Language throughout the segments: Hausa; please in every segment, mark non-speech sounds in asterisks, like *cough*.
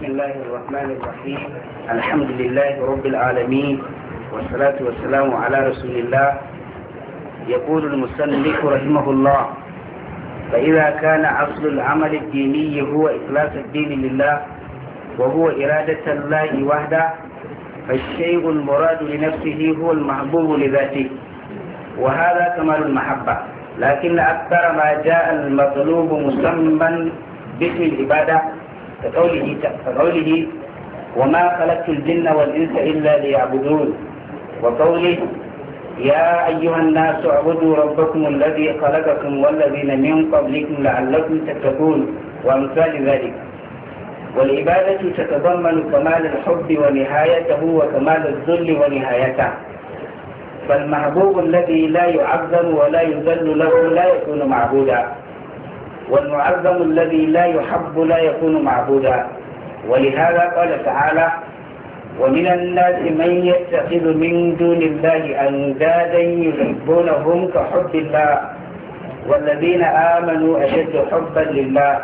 بسم الله الرحمن الرحيم الحمد لله رب العالمين والصلاة والسلام على رسول الله يقول المسلم رحمه الله فإذا كان أصل العمل الديني هو إخلاص الدين لله وهو إرادة الله وحده فالشيء المراد لنفسه هو المحبوب لذاته وهذا كمال المحبة لكن أكثر ما جاء المطلوب مسمى باسم العبادة كقوله كقوله وما خلقت الجن والإنس إلا ليعبدون وقوله يا أيها الناس اعبدوا ربكم الذي خلقكم والذين من قبلكم لعلكم تتقون وأمثال ذلك والعبادة تتضمن كمال الحب ونهايته وكمال الذل ونهايته فالمحبوب الذي لا يعظم ولا يذل له لا يكون معبودا والمعظم الذي لا يحب لا يكون معبودا ولهذا قال تعالى ومن الناس من يتخذ من دون الله أندادا يحبونهم كحب الله والذين آمنوا أشد حبا لله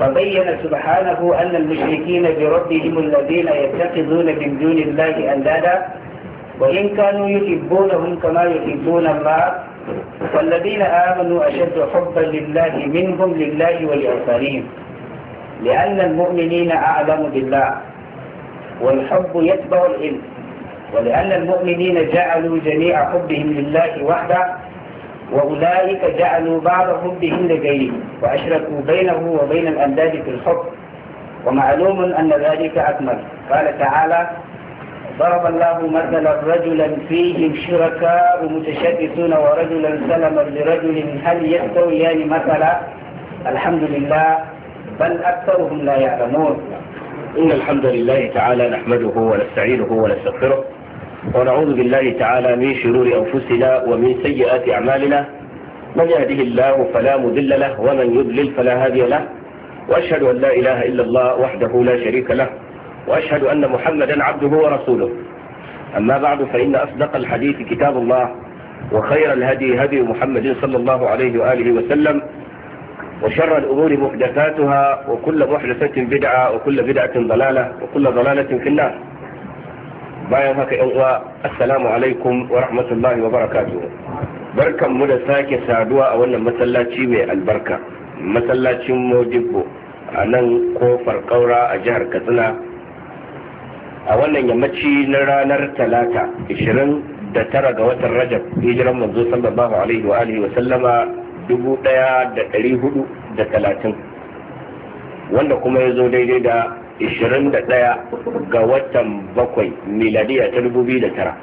فبين سبحانه أن المشركين بربهم الذين يتخذون من دون الله أندادا وإن كانوا يحبونهم كما يحبون الله والذين آمنوا أشد حبا لله منهم لله ولآخرين لأن المؤمنين أعلم بالله والحب يتبع العلم ولأن المؤمنين جعلوا جميع حبهم لله وحده وأولئك جعلوا بعض حبهم لغيره وأشركوا بينه وبين الأنداد في الحب ومعلوم أن ذلك أكمل قال تعالى ضرب الله مثلا رجلا فيه شركاء متشبثون ورجلا سلما لرجل هل يستويان مثلا الحمد لله بل أكثرهم لا يعلمون إن الحمد لله تعالى نحمده ونستعينه ونستغفره ونعوذ بالله تعالى من شرور أنفسنا ومن سيئات أعمالنا من يهده الله فلا مذل له ومن يضلل فلا هادي له وأشهد أن لا إله إلا الله وحده لا شريك له وأشهد أن محمدا عبده ورسوله أما بعد فإن أصدق الحديث كتاب الله وخير الهدي هدي محمد صلى الله عليه وآله وسلم وشر الأمور محدثاتها وكل محدثة بدعة وكل بدعة ضلالة وكل ضلالة في النار الله بايهاك إنغواء السلام عليكم ورحمة الله وبركاته بركة مدساك سعدوا أولا مثلا تشيوي البركة مثلا تشيوي موجبه أنا كوفر قورا أجهر كتنا a wannan yammaci na ranar talata 29 ga watan rajab hijiran manzo sallallahu alaihi wa alihi wa sallama 1430 wanda kuma ya zo daidai da 21 ga watan bakwai miladiya ta 2009 a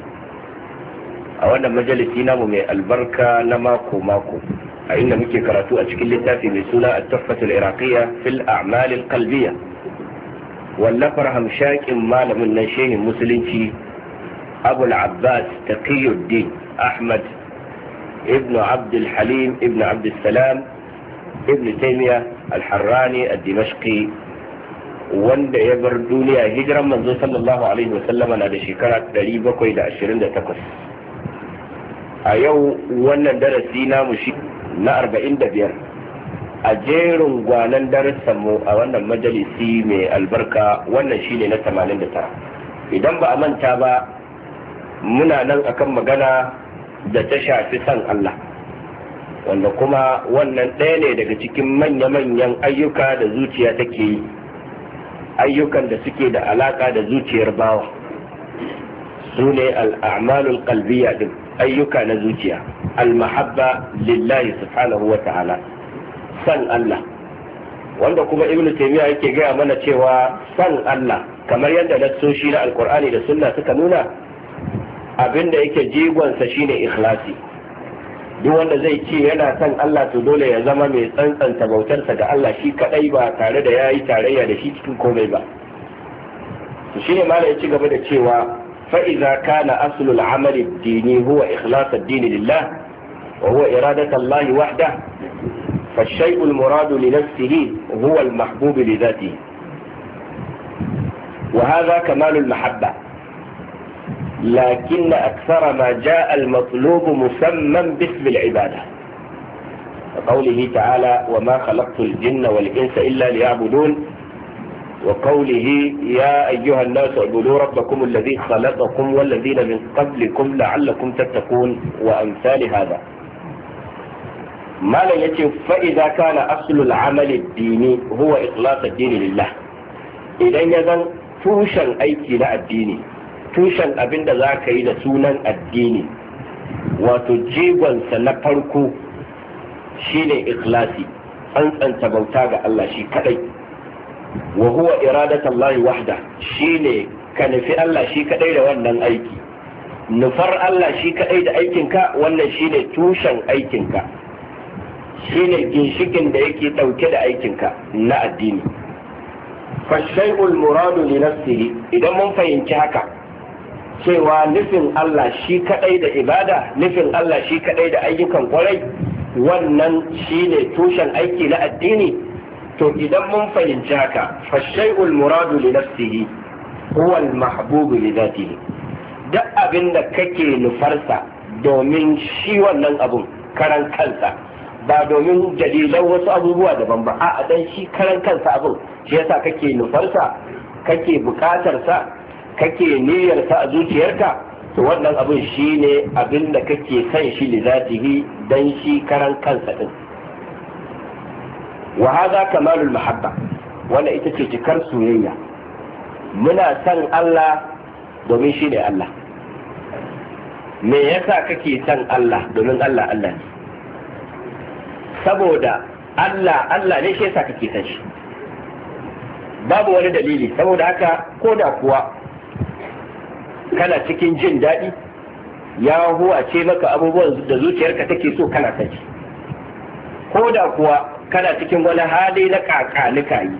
wannan majalisi namu mai albarka na mako-mako a inda muke karatu a cikin littafi mai suna a tuffatul iraqiyya fil a'malil qalbiyya wallafar hamshakin malamin nan shehin musulunci abul abbas taqiyuddin ahmad ibn abdul halim ibnu abdul salam ibnu taymiya al-harrani dimashqi wanda ya bar duniya hijiran manzo sallallahu alaihi wasallama na da shekara 728 a yau wannan darasi namu shi na 45 a jerin gwanan darussan mu a wannan majalisi mai albarka wannan shine na 89 idan ba a manta ba muna nan akan magana da ta shafi san Allah wanda kuma wannan ɗaya ne daga cikin manya-manyan ayyuka da zuciya take yi ayyukan da suke da alaka da zuciyar bawa su ne al'amalul qalbiyya din ayyuka na zuciya al-mahabba lillahi subhanahu wa ta'ala san Allah wanda kuma ibnu taymiya yake gaya mana cewa san Allah kamar yadda nassoshi na alkur'ani da sunna suka nuna abinda yake jigonsa shine ikhlasi duk wanda zai ce yana san Allah to dole ya zama mai tsantsanta bautarsa ga Allah shi kadai ba tare da yayi tarayya da shi cikin komai ba to shine malai ya ci gaba da cewa fa iza kana aslul amali dini huwa ikhlasu dini lillah wa huwa iradatu Allah wahda فالشيء المراد لنفسه هو المحبوب لذاته وهذا كمال المحبة لكن أكثر ما جاء المطلوب مسمى باسم العبادة وقوله تعالى وما خلقت الجن والإنس إلا ليعبدون وقوله يا أيها الناس اعبدوا ربكم الذي خلقكم والذين من قبلكم لعلكم تتقون وأمثال هذا malam ya ce, Fa'iza kana aslul amali dini huwa ikhlas dini lillah idan ya zan tushen aiki na addini tushen abin da za ka yi da sunan addini wato jigonsa na farko shine ikhlasi tsantsanta bauta ga Allah shi kadai wa huwa iradatu Allah wahda shine ka nufi Allah shi kadai da wannan aiki nufar Allah shi kadai da aikinka wannan shine tushen aikinka shine ginshikin da yake ɗauke da aikinka na addini fashai'ul muradu li nafsihi idan mun fahimci haka cewa nufin Allah shi kadai da ibada nufin Allah shi kadai da ayyukan kwarai wannan shine tushen aiki na addini to idan mun fahimci haka fashai'ul muradu li nafsihi huwa mahbubu li dhatihi duk abin da kake nufarsa domin shi wannan abun karan kansa ba domin dalilan wasu abubuwa daban ba a dan shi karan kansa abin shi yasa kake nufarsa kake bukatarsa kake niyyarsa a zuciyarka to wannan abin shi ne abin da kake san shi li zatihi dan shi karan kansa din wa hada kamalul mahabba wanda ita ce cikar soyayya muna san Allah domin shi ne Allah me yasa kake san Allah domin Allah Allah ne saboda Allah Allah ne shi yasa kake san shi babu wani dalili saboda haka ko da kuwa kana cikin jin daɗi ya ce maka abubuwan da zuciyarka take so kana san shi ko da kuwa kana cikin wani hali na kakanika yi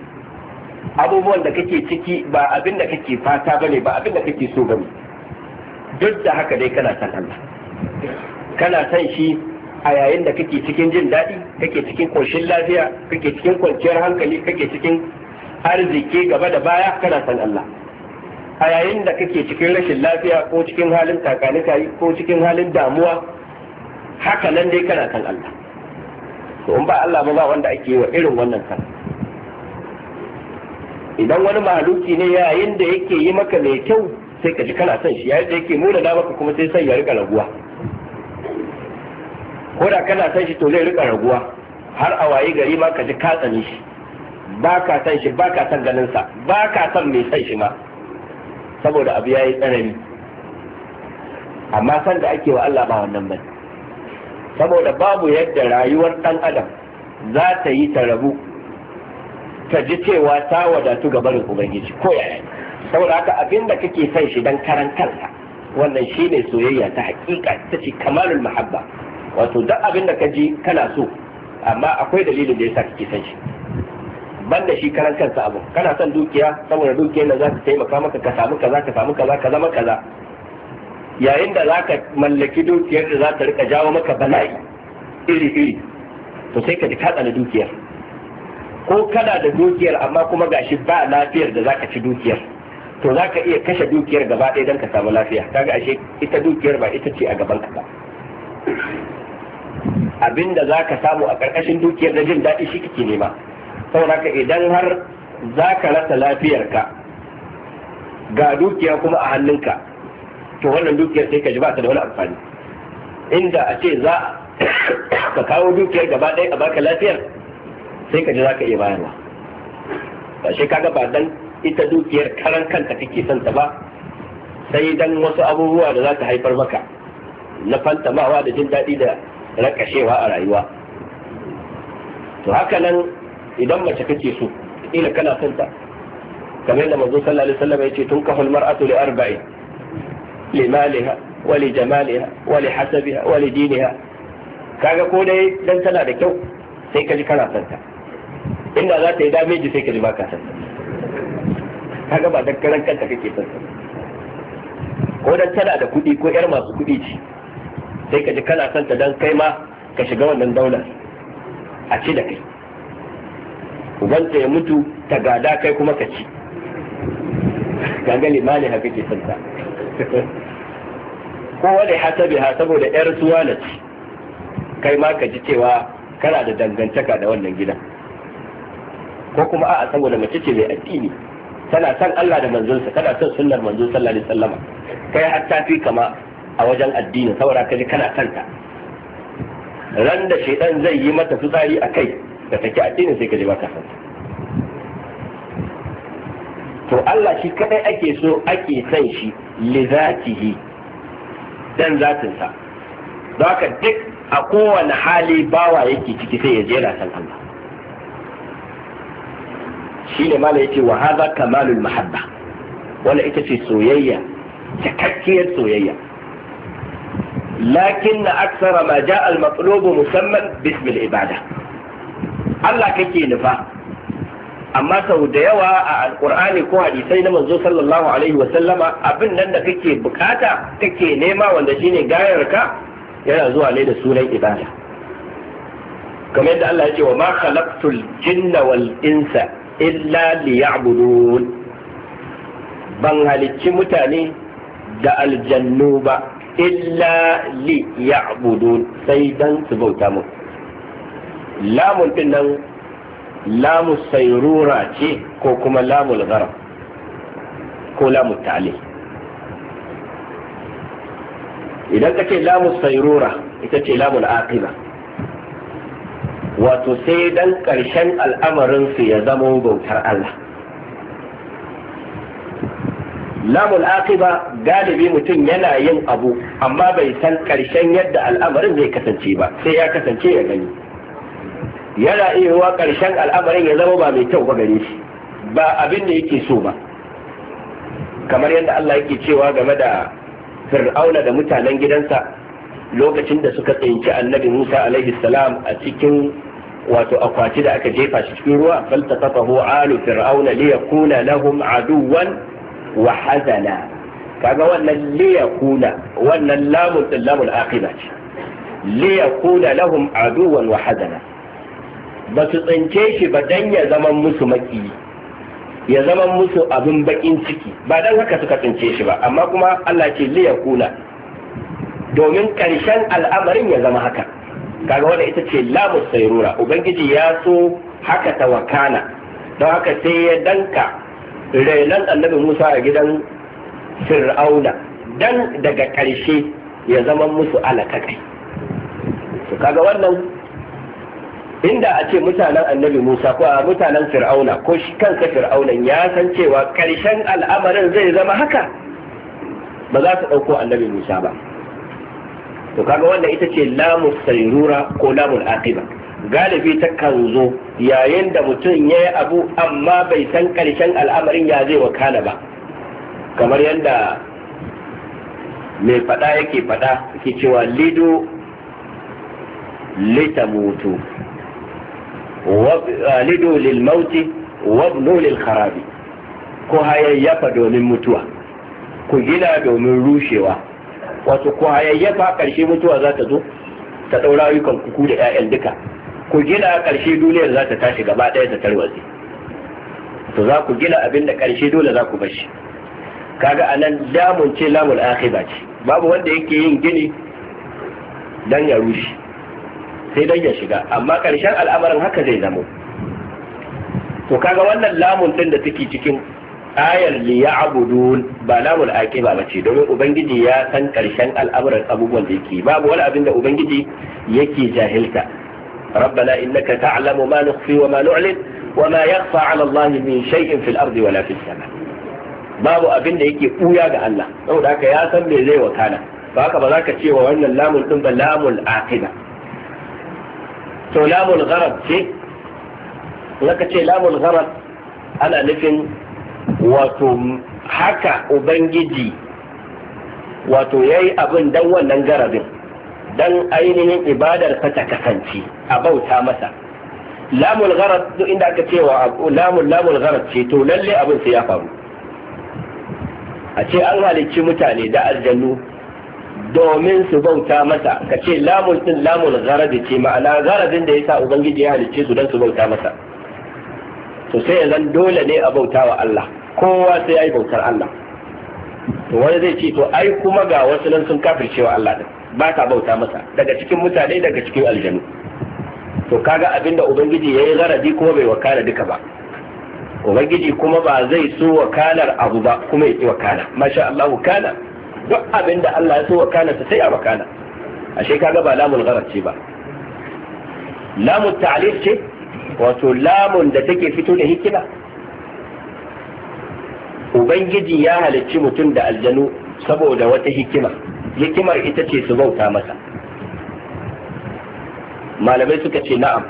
abubuwan da kake ciki ba abin da kake fata bane ba abin da kake so bane duk da haka dai kana san Allah kana san shi a yayin da kake cikin jin daɗi kake cikin ƙoshin lafiya kake cikin kwanciyar hankali kake cikin arziki gaba da baya kana san Allah a yayin da kake cikin rashin lafiya ko cikin halin takanikayi ko cikin halin damuwa haka nan dai kana san Allah to in ba Allah ba ba wanda ake wa irin wannan san idan wani mahaluki ne yayin da yake yi maka mai kyau sai ka ji kana son shi yayin da yake da maka kuma sai sai ya rika raguwa ko da kana san shi to zai rika raguwa har a wayi gari ma ka ji ka tsani shi ba ka san shi ba ka san ganin sa ba ka san me san shi ma saboda abu yayi tsanani amma san da ake wa Allah ba wannan bane saboda babu yadda rayuwar dan adam za ta yi ta rabu ta ji cewa ta wadatu ga barin ubangiji ko yaya saboda haka abinda kake san shi dan karantar kanka wannan shine soyayya ta hakika ta ce kamalul Muhabba. wato duk abin da ka ji kana so amma akwai dalilin da ya yasa kake son shi banda shi karan kansa abu kana son dukiya saboda dukiyar da za ta taimaka maka ka samu kaza ka samu kaza ka zama kaza yayin da za ka mallaki dukiyar da za ta rika jawo maka bala'i iri iri to sai ka ji ka tsana dukiyar ko kana da dukiyar amma kuma gashi ba lafiyar da za ka ci dukiyar to za ka iya kashe dukiyar gaba ɗaya don ka samu lafiya kaga ashe ita dukiyar ba ita ce a gaban ka ba Abin da za ka samu a ƙarƙashin dukiyar da jin daɗi shi kake nema saboda ka idan har za ka rasa lafiyarka ga dukiya kuma a hannunka to wannan dukiyar sai ka ji ba ta da wani amfani inda a ce za ka kawo dukiyar gaba ɗaya a baka lafiyar sai ka ji za ka iya bayarwa ba shi kaga ba dan ita dukiyar karan kanta kake son ta ba sai dan wasu abubuwa da za ta haifar maka na fantamawa da jin daɗi da rakashewa a rayuwa to haka nan idan mace kake so ila kana son ta kamar da manzo sallallahu alaihi wasallam yace tun kahul mar'atu li arba'in li maliha wa li jamaliha wa li hasabiha wa li diniha kaga ko dai dan tana da kyau sai ka ji kana son ta inda za ta yi dameji sai ka ji baka son ta kaga ba dan karan kanta kake son ta ko dan tana da kuɗi ko yar masu kuɗi ce sai ka ji kana son ta dan kai ma ka shiga wannan daular a ci da kai ubanta ya mutu ta gada kai kuma ka ci ganga limani haka ke son ta kowa da hasabi ha saboda yar suwa na ci kai ma ka ji cewa kana da dangantaka da wannan gidan ko kuma a'a saboda mace ce mai addini tana son Allah da manzonsa tana son sunnar manzon sallallahu alaihi wasallam kai har ta fi kama a wajen addini saboda ka ji kana santa ran da shaidan zai yi mata fitsari a kai da take addini sai ka ji baka santa to Allah shi kadai ake so ake san shi li zatihi dan zatinsa don haka duk a kowane hali bawa yake ciki sai ya je yana san Allah shi ne mala yace wa hadha kamalul mahabba wala ita ce soyayya cikakkiyar soyayya lakin na aksara ma ja al musamman bismil ibada Allah kake nufa amma sau da yawa a alkur'ani ko hadisai na manzo sallallahu alaihi wa sallama abin nan da kake bukata kake nema wanda shine gayar ka yana zuwa ne da sunan ibada kamar yadda Allah ya ce wa ma khalaqtul jinna wal illa liya'budun ban halicci mutane da aljannu ba illa li ya'budun sai don su bauta mu lamun din nan lamu sayrura ce ko kuma lamul gharam ko lamu ta'lil idan ka ce lamu sairura ita ce lamul aqiba wato sai dan ƙarshen al'amarin su ya zama bautar Allah lamul aqiba galibi mutum yana yin abu amma bai san karshen yadda al'amarin zai kasance ba sai ya kasance ya gani yana iya karshen al'amarin ya zama ba mai kyau ba gare shi ba abin da yake so ba kamar yadda Allah yake cewa game da fir'auna da mutanen gidansa lokacin da suka tsinci annabi Musa alaihi salam a cikin wato akwati da aka jefa shi cikin ruwa faltaqatahu alu fir'auna liyakuna lahum aduwan wa hazana kaga wannan liyakuna wannan lamun din lamun akhira ce liyakuna lahum aduwan wa hazana ba su tsince shi ba dan ya zama musu maki ya zama musu abin bakin ciki ba dan haka suka tsince shi ba amma kuma Allah ce liyakuna domin karshen al'amarin ya zama haka kaga wanda ita ce lamus sayrura ubangiji ya so haka ta don haka sai ya danka renon annabi musa a gidan fir'auna dan daga ƙarshe ya zama musu alakakai to kaga wannan inda a ce mutanen annabi musa ko mutanen fir'auna ko shi kansa fir'aunan ya san cewa ƙarshen al'amarin zai zama haka ba za su ɗauko annabi musa ba to kaga wannan ita ce lamus sayrura ko lamul aqiba galibi ta kan zo yayin da mutum ya yi abu amma bai san ƙarshen al'amarin ya zai wakana ba kamar yadda mai faɗa yake faɗa ke cewa lido lita mutu ah, lido lil wabno lil ko hayayyafa domin mutuwa ku gina domin rushewa wato ku hayayyafa ƙarshe mutuwa za ta zo ta ɗaura yukan kuku da 'ya'yan duka ku gina ƙarshe duniyar za ta tashi gaba ɗaya ta tarwatsi to za ku gina abin da ƙarshe dole za ku bashi kaga anan damun ce lamun akhira ce babu wanda yake yin gini dan ya rushe sai dan ya shiga amma ƙarshen al'amarin haka zai zamo to kaga wannan lamun din da take cikin ayar li ya'budun ba lamun ba bace domin ubangiji ya san ƙarshen al'amuran abubuwan da yake babu wani abin da ubangiji yake jahilta ربنا إنك تعلم ما نخفي وما نعلن وما يخفى على الله من شيء في الأرض ولا في السماء babu abin da yake ɓuya ga Allah saboda aka yasan san me zai wakana ba ba za ka ce wa wannan lamun ɗin ba lamun aqida to lamun gharab ce zaka ce lamun gharab ana nufin wato haka ubangiji wato yayi abin dan wannan garabin dan ainihin ibadar ta kasance a bauta masa lamul gharat duk inda aka ce wa lamul lamul gharat ce to lalle abin sai ya faru a ce an halicci mutane da aljannu domin su bauta masa ka ce lamun din lamul gharad ce ma'ana gharadin da ya sa ubangiji ya halicce su don su bauta masa to sai ya zan dole ne a bauta wa Allah kowa sai ya yi bautar Allah to wani zai ce to ai kuma ga wasu nan sun kafircewa Allah din ba ta bauta masa daga cikin mutane daga cikin aljanu to kaga abinda ubangiji yayi garadi kuma bai wakala duka ba ubangiji kuma ba zai so wakalar abu ba kuma ya ki wakala masha Allah wakala duk abinda Allah ya so wakala sai a wakala ashe kaga ba lamun gharad ce ba lamun ta'lif ce wato lamun da take fito da hikima ubangiji ya halicci mutum da aljanu saboda wata hikima hikimar ita ce su bauta masa malamai suka ce na'am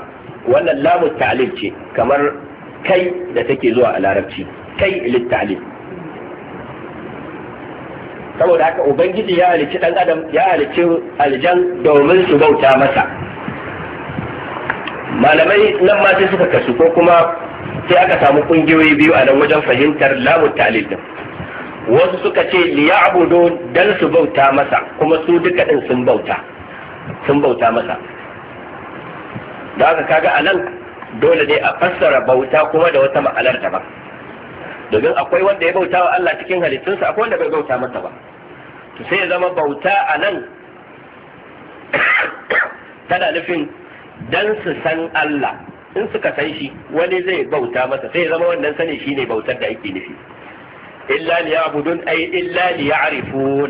wannan lamun ta'lil ce kamar kai da take zuwa a larabci kai litta'lil saboda haka ubangiji ya halicci dan adam ya halicci aljan domin su bauta masa malamai nan ma sai suka kasu ko kuma sai aka samu kungiyoyi biyu a nan wajen fahimtar lamun ta'lil wasu suka ce abudu dan su bauta masa kuma su duka din sun bauta sun bauta masa da aka kaga anan dole ne a fassara bauta kuma da wata ma'anar ta ba domin akwai wanda ya bauta wa Allah cikin halittunsa akwai wanda bai bauta masa ba to sai ya zama bauta a nan *coughs* tana nufin dan su san Allah in suka san shi wani zai bauta masa sai ya zama wannan sani ne bautar da ake nufi illa liya'budun ay illa liya'rifun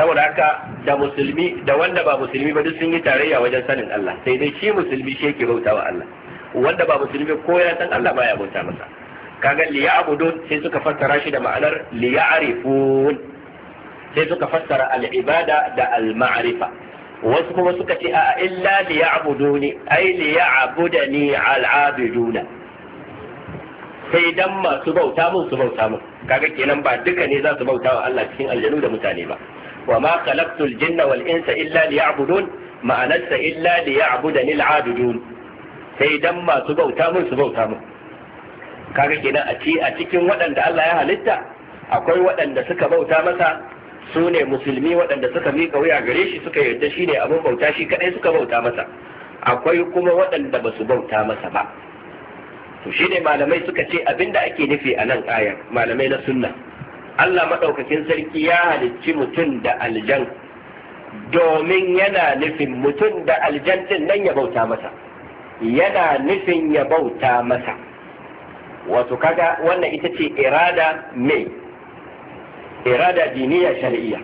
saboda haka da musulmi da wanda ba musulmi ba duk sun yi tarayya wajen sanin Allah sai dai shi musulmi shi yake bauta wa Allah wanda ba musulmi ko ya san Allah baya bauta masa kaga liya'budun sai suka fassara shi da ma'anar liya'rifun sai suka fassara al-ibada da al-ma'rifa wasu kuma suka ce a illa liya'buduni ay liya'budani al-abiduna sai dan masu bauta mun su bauta mun kaga kenan ba duka ne za su bauta wa Allah cikin aljanu da mutane ba wa ma khalaqtul jinna wal insa illa liya'budun ma'anarsa illa liya'budani al'abidun sai dan masu bauta mun su bauta mun kaga kenan a ci a cikin waɗanda Allah ya halitta akwai waɗanda suka bauta masa su ne musulmi waɗanda suka miƙa wuya gare shi suka yarda shi ne abin bauta shi kadai suka bauta masa akwai kuma waɗanda ba su bauta masa ba to shi ne malamai suka ce abinda ake nufi a nan ayar malamai na sunna Allah maɗaukakin sarki ya halicci mutum da aljan domin yana nufin mutum da aljan din nan ya bauta masa yana nufin ya bauta masa wato kaga wannan ita ce irada mai irada diniya shari'iyya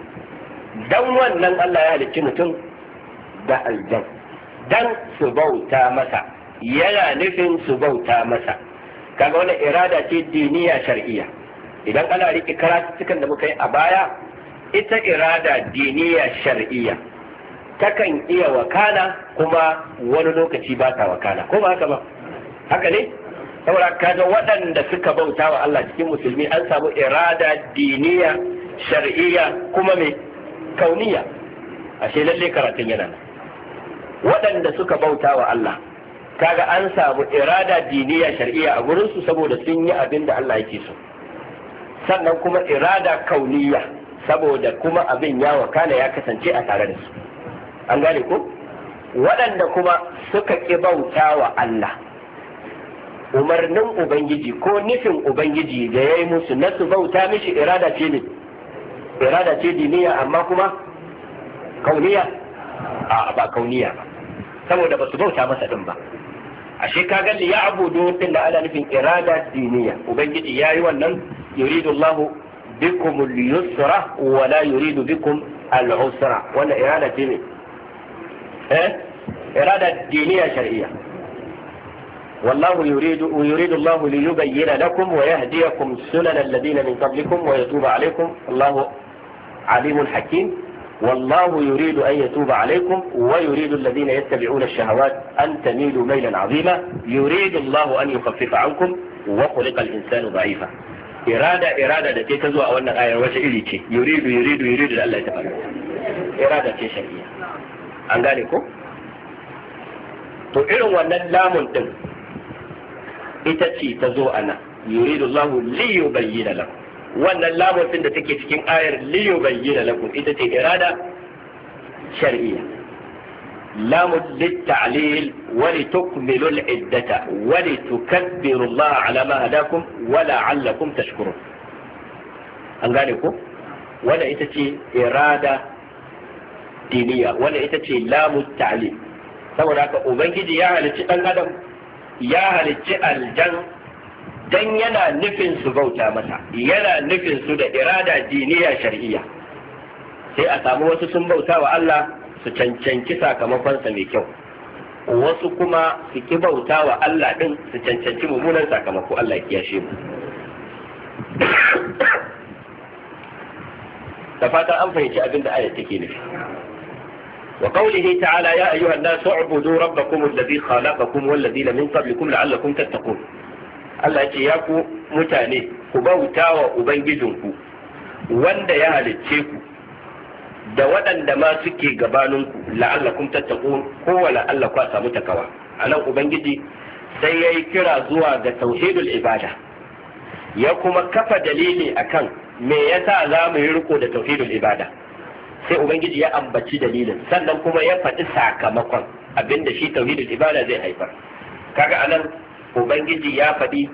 dan wannan Allah ya halicci mutum da aljan dan su bauta masa yana nufin su bauta masa kaga wannan irada ce diniya shar'iyya idan ana riƙe karatuttukan da muka yi a baya ita irada diniya shar'iyya takan iya wakana kuma wani lokaci ba ta wakana ko ba haka ba haka ne saboda kaga waɗanda suka bauta wa Allah cikin musulmi an samu irada diniya shar'iyya kuma mai kauniya ashe lalle karatun yana waɗanda suka bauta wa Allah kaga an samu irada diniya shar'iyya a gurin su saboda sun yi abin da Allah yake so sannan kuma irada kauniya saboda kuma abin ya wakana ya kasance a tare da su an gane ko waɗanda kuma suka ƙi bauta wa Allah umarnin ubangiji ko nufin ubangiji da ya yi musu na su bauta mishi irada ce ne irada ce diniya amma kuma kauniya a ba kauniya ba saboda ba su bauta masa din ba ashe ka ga li ya'budu din da ana nufin irada diniya ubangiji yayi wannan yuridu Allah bikum al-yusra wa la yuridu bikum al-usra wannan irada ce ne eh irada diniya shar'iyya والله يريد ويريد الله ليبين لكم ويهديكم سنن الذين من قبلكم ويتوب عليكم الله عليم حكيم والله يريد أن يتوب عليكم ويريد الذين يتبعون الشهوات أن تميلوا ميلا عظيما يريد الله أن يخفف عنكم وخلق الإنسان ضعيفا إرادة إرادة التي تزوى أو أن آية وجه إليكي يريد يريد يريد أن لا يتبعون إرادة تي شرية عن ذلك تؤلم أن لا منتم إتتي تزوى أنا يريد الله ليبين لكم wannan lamun da take cikin ayar li yubayyana lakum ita ce irada shar'iyya lamun للتعليل ولتكملوا العدة ولتكبروا الله على ما هداكم ولعلكم تشكرون أنقالكم ولا إتتي إرادة diniya wanda ita ce lamu ta'lim saboda haka ubangiji ya halicci dan adam ya halicci aljan dan yana nufin su bauta masa yana nufin su da irada diniya shar'iyya sai a samu wasu sun bauta wa Allah su cancanci sakamakonsa mai kyau wasu kuma su ki bauta wa Allah din su cancanci mummunan sakamako Allah ya kiyashe mu da fatan an fahimci abin da ayat take nufi wa qawlihi ta'ala ya ayyuhan nasu ubudu rabbakum alladhi khalaqakum wal ladina min qablikum la'allakum tattaqun Allah ce ya ku mutane ku bauta wa ubangijinku wanda ya halicce ku da waɗanda ma suke gabaninku la'allakum tattaqun ko wa la'allaku a samu takawa anan ubangiji sai yayi kira zuwa ga tauhidul ibada ya kuma kafa dalili akan me yasa za mu yi riko da tauhidul ibada sai ubangiji ya ambaci dalilin sannan kuma ya faɗi sakamakon abinda shi tauhidul ibada zai haifar kaga anan ubangiji ya faɗi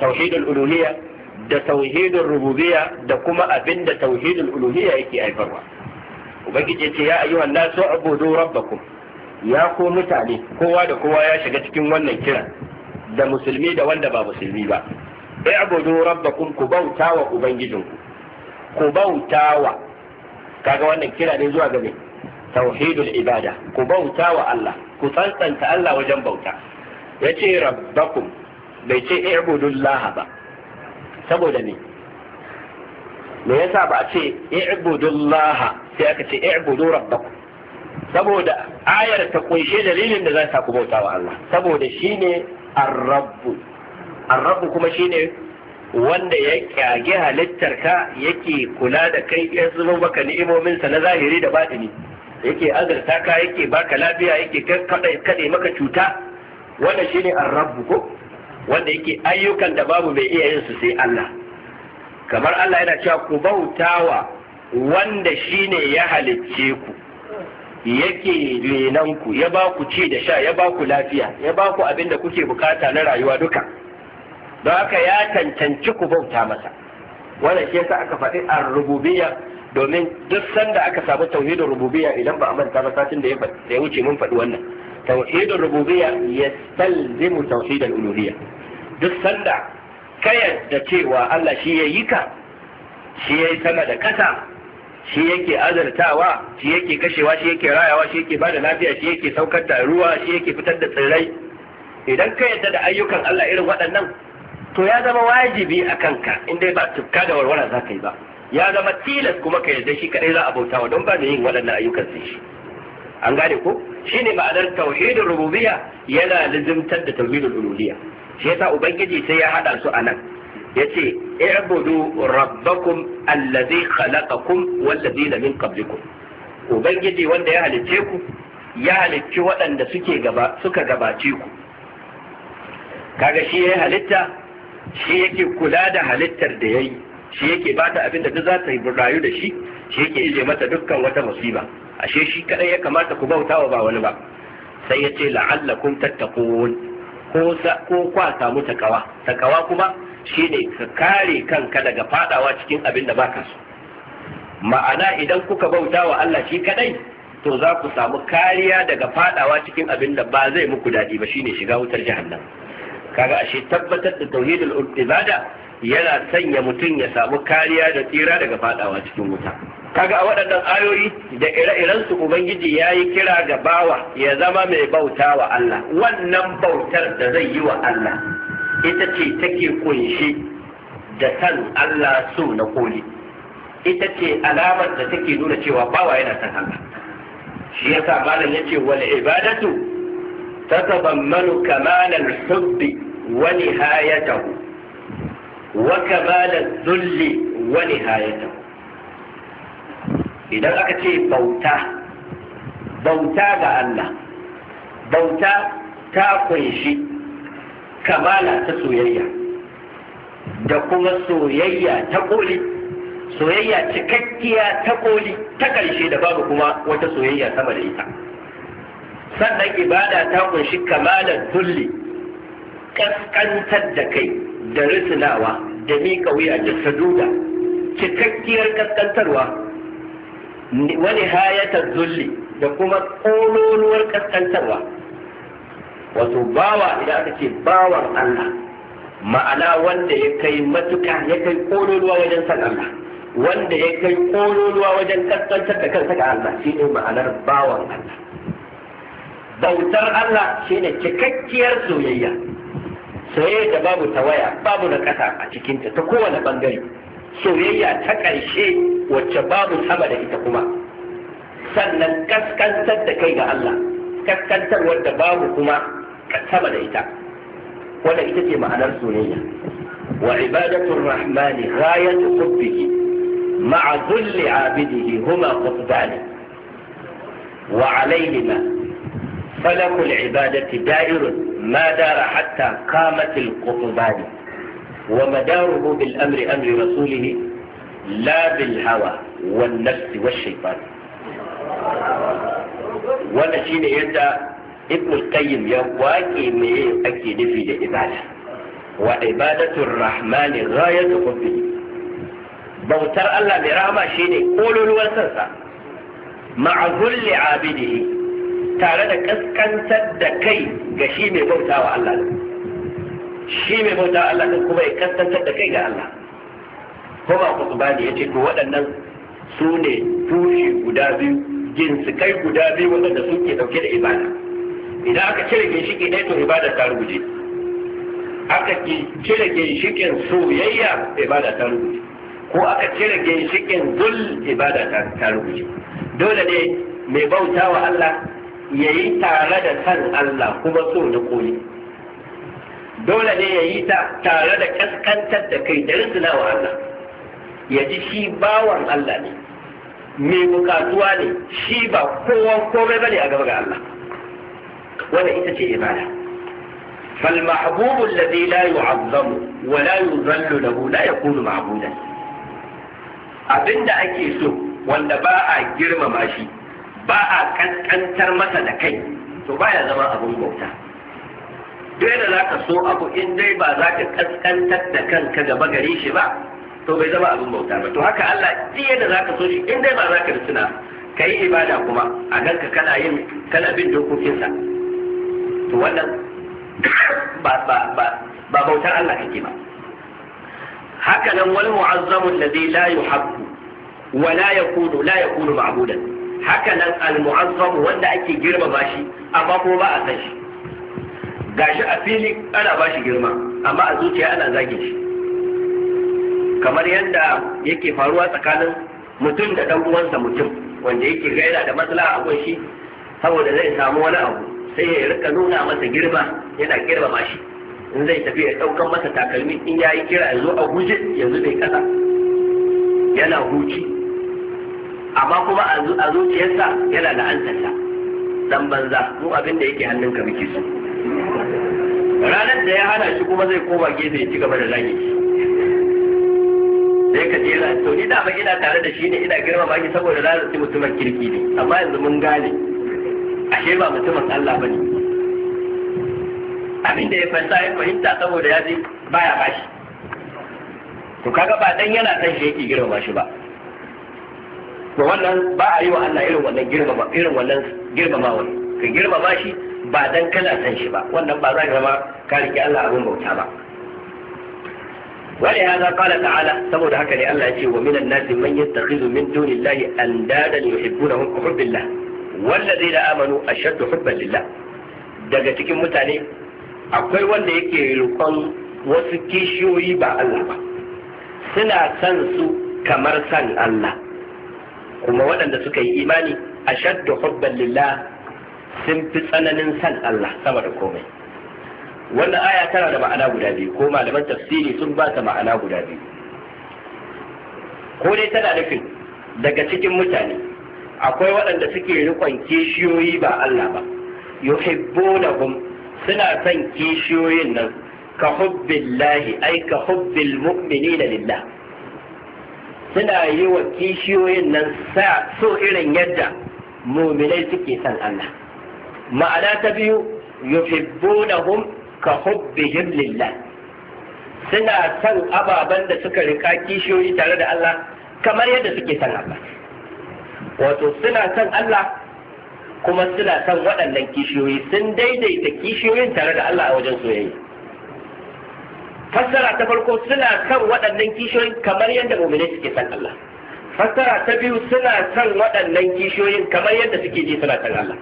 tauhidul uluhiyya da tauhidul rububiyya da kuma abin da tauhidul uluhiyya yake haifarwa ubangiji ce ya ayyuhan nasu abudu rabbakum ya ko mutane kowa da kowa ya shiga cikin wannan kira da musulmi da wanda ba musulmi ba ai abudu rabbakum ku bauta wa ubangijinku ku bauta wa kaga wannan kira ne zuwa ga tauhidul ibada ku bauta wa Allah ku tsantsanta Allah wajen bauta ya ce rabbakum bai ce i'budullah ba saboda ne me yasa ba a ce i'budullah sai aka ce i'budu rabbakum saboda ayar ta kunshe dalilin da za ta ku bauta wa Allah saboda shine ar-rabb ar-rabb kuma shine wanda ya kyage halittar ka yake kula da kai ya zuba maka ni'imominsa na zahiri da batini yake azurta ka yake baka lafiya yake kade maka cuta shi ne an rabu ko wanda yake ayyukan da babu mai iya yin su sai Allah kamar Allah yana cewa ku bautawa wanda shi ne ya halicce ku yake lenan ku ya ba ku ci da sha ya ba ku lafiya ya ba ku abin da kuke bukata na rayuwa duka don haka ya cancanci ku bauta masa wannan shi yasa aka faɗi a rububiyya domin duk sanda aka samu tauhidin rububiyya idan ba a manta ba satin da ya wuce mun faɗi wannan توحيد الربوبية يستلزم توحيد الألوهية duk sanda ka yadda cewa Allah shi ya yi ka shi ya yi sama da kasa shi yake azartawa shi yake kashewa shi yake rayawa shi yake bada lafiya shi yake saukar da ruwa shi yake fitar da tsirrai idan ka yadda da ayyukan Allah irin waɗannan to ya zama wajibi a kanka in dai ba tukka da warwara za ka yi ba ya zama tilas kuma ka yarda shi kadai za a bautawa don ba da yin waɗannan ayyukan sai shi an gane ko shine ma'anar tauhidin rububiyya yana lazimtar da tauhidul uluhiyya shi yasa ubangiji sai ya hada su anan yace i'budu rabbakum allazi khalaqakum wallazina min qablikum ubangiji wanda ya halicce ku ya halicci waɗanda suke gaba suka gabace ku kaga shi ya halitta shi yake kula da halittar da yayi shi yake bata abin da duk za ta rayu da shi shi yake ije mata dukkan wata musiba ashe shi kadai ya kamata ku bautawa ba wani ba sai ya ce la'allakum tattaqun ko kwa samu takawa takawa kuma shine ka kare kanka daga fadawa cikin abin da baka so ma'ana idan kuka bauta wa Allah shi kadai to za ku samu kariya daga fadawa cikin abin da ba zai muku dadi ba shine shiga wutar jahannam kaga ashe tabbatar da tauhidul ibada yana sanya mutum ya samu kariya da tsira daga fadawa cikin wuta kaga a waɗannan ayoyi da ire-iren ubangiji ya yi kira ga bawa ya zama mai bauta wa Allah wannan bautar da zai yi wa Allah ita ce take kunshi da san Allah so na koli ita ce alamar da take nuna cewa bawa yana san Allah shi yasa malam ce wal ibadatu tatadammanu kamal al-hubbi wa nihayatahu wa kamalal dhulli idan aka ce bauta bauta ga Allah bauta ta kunshi kamala ta soyayya da kuma soyayya ta koli soyayya cikakkiya ta koli ta ƙarshe da babu kuma wata soyayya sama da ita sannan ibada ta kunshi kamala tulli kaskantar da kai da risinawa da miƙa wuya da saduda cikakkiyar kaskantarwa wani hayata zulli da kuma ƙololuwar kaskantarwa wato bawa idan aka ce bawan Allah ma'ana wanda ya kai matuka ya kai ƙololuwa wajen san Allah wanda ya kai ƙololuwa wajen kaskantar da kansa ga Allah shi ne ma'anar bawan Allah bautar Allah shi ne cikakkiyar soyayya soyayya da babu waya babu na ƙasa a cikinta ta kowane bangare soyayya ta ƙarshe wacce babu sama da ita kuma sannan kaskantar da kai ga Allah kaskantar wadda babu kuma sama da ita wanda ita ce ma'anar soyayya wa ibadatul rahmani ghayatu hubbihi ma'a kulli abidihi huma qutbani wa alaihima فلك العبادة دائر ما دار حتى قامت القطبان ومداره بالأمر أمر رسوله لا بالهوى والنفس والشيطان ونشين يدى ابن القيم يواكي من أكيد في العبادة وعبادة الرحمن غاية قبله بوتر الله برحمة شيني قولوا الوسنسة مع ذل عابده tare da kaskantar da kai ga shi mai bauta wa Allah shi mai bauta wa Allah kuma ya kaskantar da kai ga Allah kuma ku tsubani ya ce to waɗannan su ne tushe guda biyu kai guda biyu waɗanda suke ɗauke da ibada idan aka cire ginshiƙin ɗaya to ibada ta rubuce aka cire ginshiƙin soyayya ibada ta rubuce ko aka cire ginshiƙin zul ibada ta rubuce dole ne mai bauta wa Allah ya yi tare da san Allah kuma so na koyi dole ne ya yi ta tare da kaskantar da kai da rizina wa Allah ya ji shi bawan Allah ne mai bukatuwa ne shi ba kowan komai bane a gaba Allah wanda ita ce ibada فالمحبوب الذي لا يعظم ولا يذل له لا يكون معبودا abinda ake so wanda ba a girmama shi ba a kankantar masa da kai to baya zama abin bauta duk da za ka so abu in dai ba za ka kaskantar da kanka gaba gare shi ba to bai zama abin bauta ba to haka Allah iya da za ka so shi in dai ba za ka rusuna ka yi ibada kuma a ganka kana yin kana bin dokokinsa to wannan *coughs* ba ba ba ba bautar Allah kake ba haka nan wal mu'azzamu alladhi la yuhabbu wa la yakunu la yakunu ma'budan haka nan al-mu'azzam wanda ake girmama shi amma ko ba a san shi gashi a fili ana ba shi girma amma a zuciya ana zage shi kamar yadda yake faruwa tsakanin mutum da dan uwansa mutum wanda yake ga yana da matsala a gunshi saboda zai samu wani abu sai ya rika nuna masa girma yana girmama shi in zai tafi ya daukan masa takalmi in yayi kira ya zo a guje yanzu bai kasa yana huci amma kuma a zuciyarsa yana da la'antarsa dan banza mu abin da yake hannunka muke so ranar da ya hana shi kuma zai koma gefe ya ci gaba da zagi sai ka je to ni da ina tare da shi ne ina girmama shi saboda lalace mutumin kirki ne amma yanzu mun gane ashe ba mutumin Allah bane abin da ya fanta ya fahimta saboda ya ji baya bashi to kaga ba dan yana san shi yake girmama shi ba to wannan ba a yi wa Allah irin wannan girmama irin wannan girmamawa ka girmama shi ba dan kana san shi ba wannan ba za ka zama ka riki Allah abin bauta ba wani hada kala ta'ala saboda haka ne Allah ya ce wa minan nasi man yattakhidhu min dunillahi andadan yuhibbunahum ka hubbillah wallazina amanu ashaddu hubban lillah daga cikin mutane akwai wanda yake rikon wasu kishiyoyi ba Allah ba suna san su kamar san Allah kuma waɗanda suka yi imani ashaddu hubban lillah sun fi tsananin san Allah sama da komai wannan aya tana da ma'ana guda biyu ko malaman tafsiri sun ba ta ma'ana guda biyu ko dai tana nufin daga cikin mutane akwai waɗanda suke rikon kishiyoyi ba Allah ba yuhibbunahum suna son kishiyoyin nan ka hubbillahi ai ka hubbil mu'minina lillah suna yi wa kishiyoyin nan so irin yadda muminai suke son Allah ma'ana ta biyu yuhibbunahum ka hubbihim lillah suna son ababen da suka rika kishiyoyi tare da Allah kamar yadda suke son Allah wato suna son Allah kuma suna son waɗannan kishiyoyi sun daidaita kishiyoyin tare da Allah a wajen soyayya fassara ta farko suna kan waɗannan kishiyoyin kamar yadda mu'minai suke san Allah fassara ta biyu suna san waɗannan kishiyoyin kamar yadda suke ji suna san Allah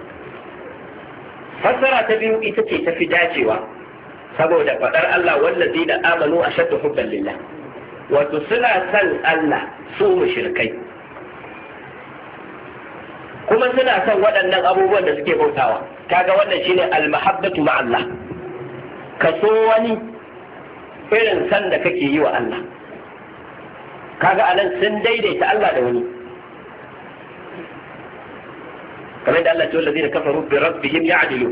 fassara ta biyu ita ce ta fi dacewa saboda faɗar Allah wanda zai da amanu a shaddu hubban lillah wato suna san Allah su mushrikai kuma suna son waɗannan abubuwan da suke bautawa kaga wannan shine al-mahabbatu ma'allah ka so wani irin san da kake yi wa Allah kaga a nan sun daidaita Allah da wani kamar da Allah ce wallazi da kafaru bi rabbihim ya'dilu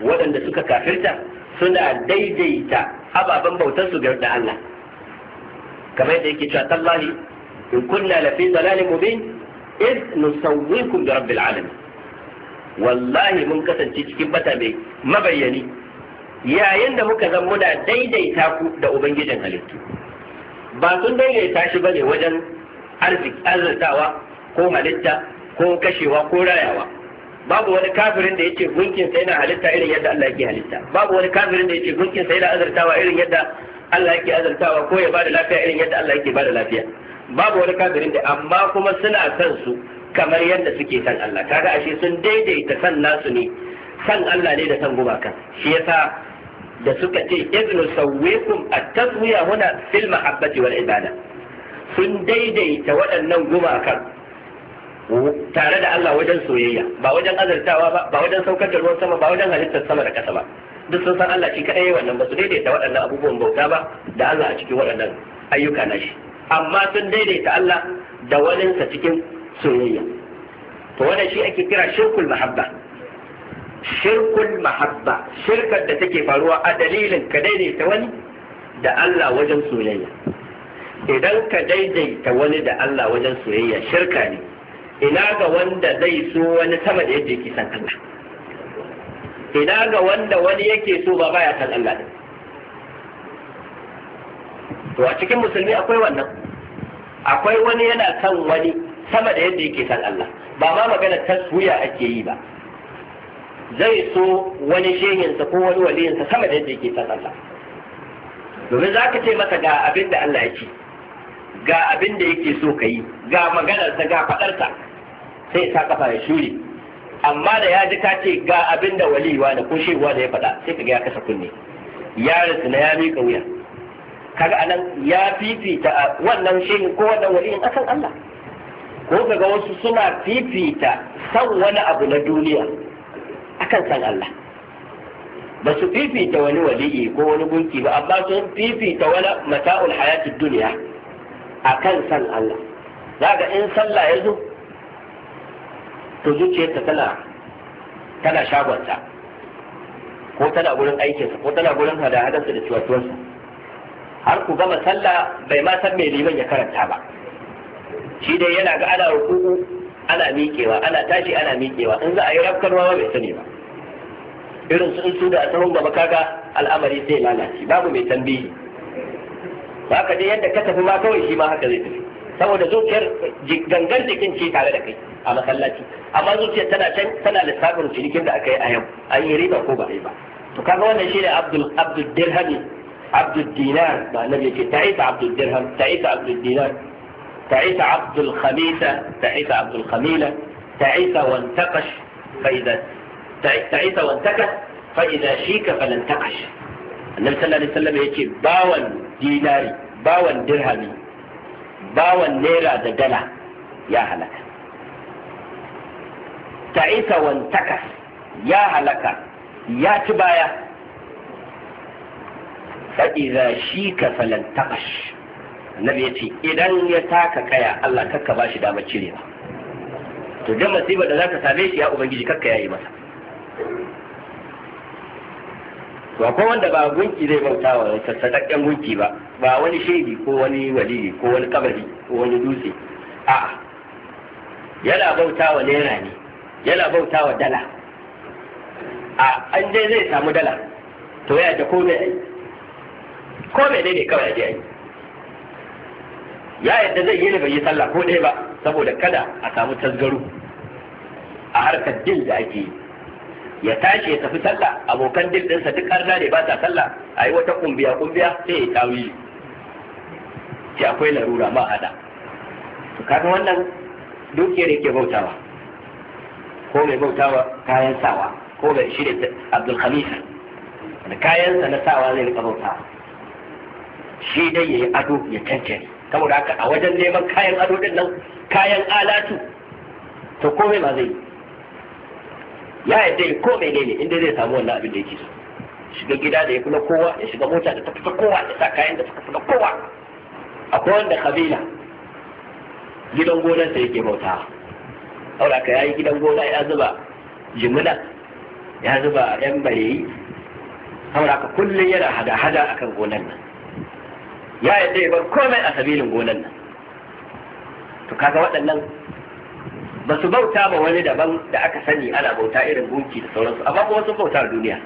waɗanda suka kafirta suna daidaita ababen bautar su da Allah kamar da yake cewa tallahi in kunna lafi dalalin mubin id nusawwikum bi rabbil alamin wallahi mun kasance cikin bata mai mabayyani yayin da muka zan muna daidaita ku da ubangijin halittu ba sun daidaita shi ba ne wajen arzikawa ko halitta ko kashewa ko rayawa babu wani kafirin da ce gunkin sai na halitta irin yadda Allah yake halitta babu wani kafirin da ce gunkin sai na azurtawa irin yadda Allah yake azurtawa ko ya bada lafiya irin yadda Allah yake bada lafiya babu wani kafirin da amma kuma suna son su kamar yadda suke san Allah kaga ashe sun daidaita san nasu ne san Allah ne da san gumaka shi yasa da suka ce idnu sawwikum at-taswiya huna fil mahabbati wal ibada sun daidaita waɗannan gumakan tare da Allah wajen soyayya ba wajen azartawa ba ba wajen saukar da ruwan sama ba wajen halittar sama da ƙasa ba duk sun san Allah shi kadai wannan ba su daidaita waɗannan abubuwan bauta ba da Allah a cikin waɗannan ayyuka na shi amma sun daidaita Allah da waninsa cikin soyayya to wannan shi ake kira shirkul mahabba shirkul mahabba shirkar da take faruwa a dalilin ka daidaita wani da Allah wajen soyayya idan ka daidaita wani da Allah wajen soyayya shirka ne ina ga wanda zai so wani sama da yadda yake san Allah ina ga wanda wani yake so ba baya san Allah to a cikin musulmi akwai wannan akwai wani yana san wani sama da yadda yake san Allah ba ma magana taswiya ake yi ba zai so wani shehinsa ko wani waliyinsa sama da yadda yake san Allah domin za ka ce masa ga abin da Allah ce, ga abin da yake so ka yi ga maganarsa ga faɗarsa sai ta kafa ya shuri amma da ya ji ka ce ga abin da waliwa da ko shehuwa da ya faɗa sai ka ga ya kasa kunne ya rasu na ya miƙa wuya kaga anan ya fifita wannan shehin ko wannan waliyin akan Allah ko kaga wasu suna fifita san wani abu na duniya akan san Allah ba su fifita wani waliyi ko wani gunki ba amma sun fifita wani mata'ul hayatid duniya akan san Allah zaga in sallah ya zo to zuciyarta tana tana shagonta ko tana gurin aikinsa ko tana gurin hada-hadarsa da ciwatuwarsa har ku gama sallah bai ma san me liman ya karanta ba shi dai yana ga ana rukuku ana miƙewa ana tashi ana miƙewa in za a yi rafkarwa ba bai sani ba irin su su da asarun gaba kaga al'amari zai lalace babu mai tambayi ba ka je yadda ka tafi ma kawai shi ma haka zai tafi saboda zuciyar gangan jikin ce tare da kai a masallaci amma zuciyar tana can tana lissafin cinikin da aka yi a yau an yi riba ko ba riba to kaga wannan ne abdul abdul dirhami abdul dinar ba annabi yake ta'isa abdul dirham ta'isa abdul dinar ta'isa abdul khamisa ta'isa abdul khamila ta'isa wantaqash fa idan ta'isa wantaka fa idza shika falan taqash annabi sallallahu alaihi wasallam yace bawan dinari bawan dirhami bawan naira da dala ya halaka ta'isa wantaka ya halaka ya ci baya fa idza shika falan taqash annabi ya ce idan ya taka kaya Allah kakka ba shi damar cirewa to dan masibar da za same shi ya ubangiji kakka yayi masa to akwai wanda ba gunki zai bauta wa sassaƙaƙƙen gunki ba ba wani shaidi ko wani waliyi ko wani kabari ko wani dutse a'a yana bauta wa naira ne yana bauta wa dala a an je zai samu dala to ya ta komai ai ko ne ne kawai je ai ya yadda zai yi ne bai yi sallah ko ɗaya ba saboda kada a samu tasgaro a harkar din da ake yi ya tashi ya tafi sallah abokan din duk an zare ba ta sallah a yi wata kumbiya kumbiya sai ya tawi ya akwai larura ma hada to kaga wannan dukiyar yake bautawa ko mai bautawa kayan sawa ko mai shi da abdul khamisa da kayansa na sawa zai rika bautawa shi dai yayi ado ya cancare saboda haka a wajen neman kayan ado din nan kayan alatu to komai ma zai yi ya yi dai, ko menene inda zai samu wannan abin da yake so shiga gida da ya fi na kowa ya shiga mota da ta fi kowa ya sa kayan da suka fi na kowa akwai wanda kabila gidan gonarsa yake bauta aura ka yayi gidan gona ya zuba jimila ya zuba yan bareyi aura ka kullum yana hada-hada akan gonar nan ya yi dai, bar komai a sabilin gonar nan to kaga waɗannan ba su bauta ba wani daban da aka sani ana bauta irin gunki da sauransu amma kuma sun bauta duniya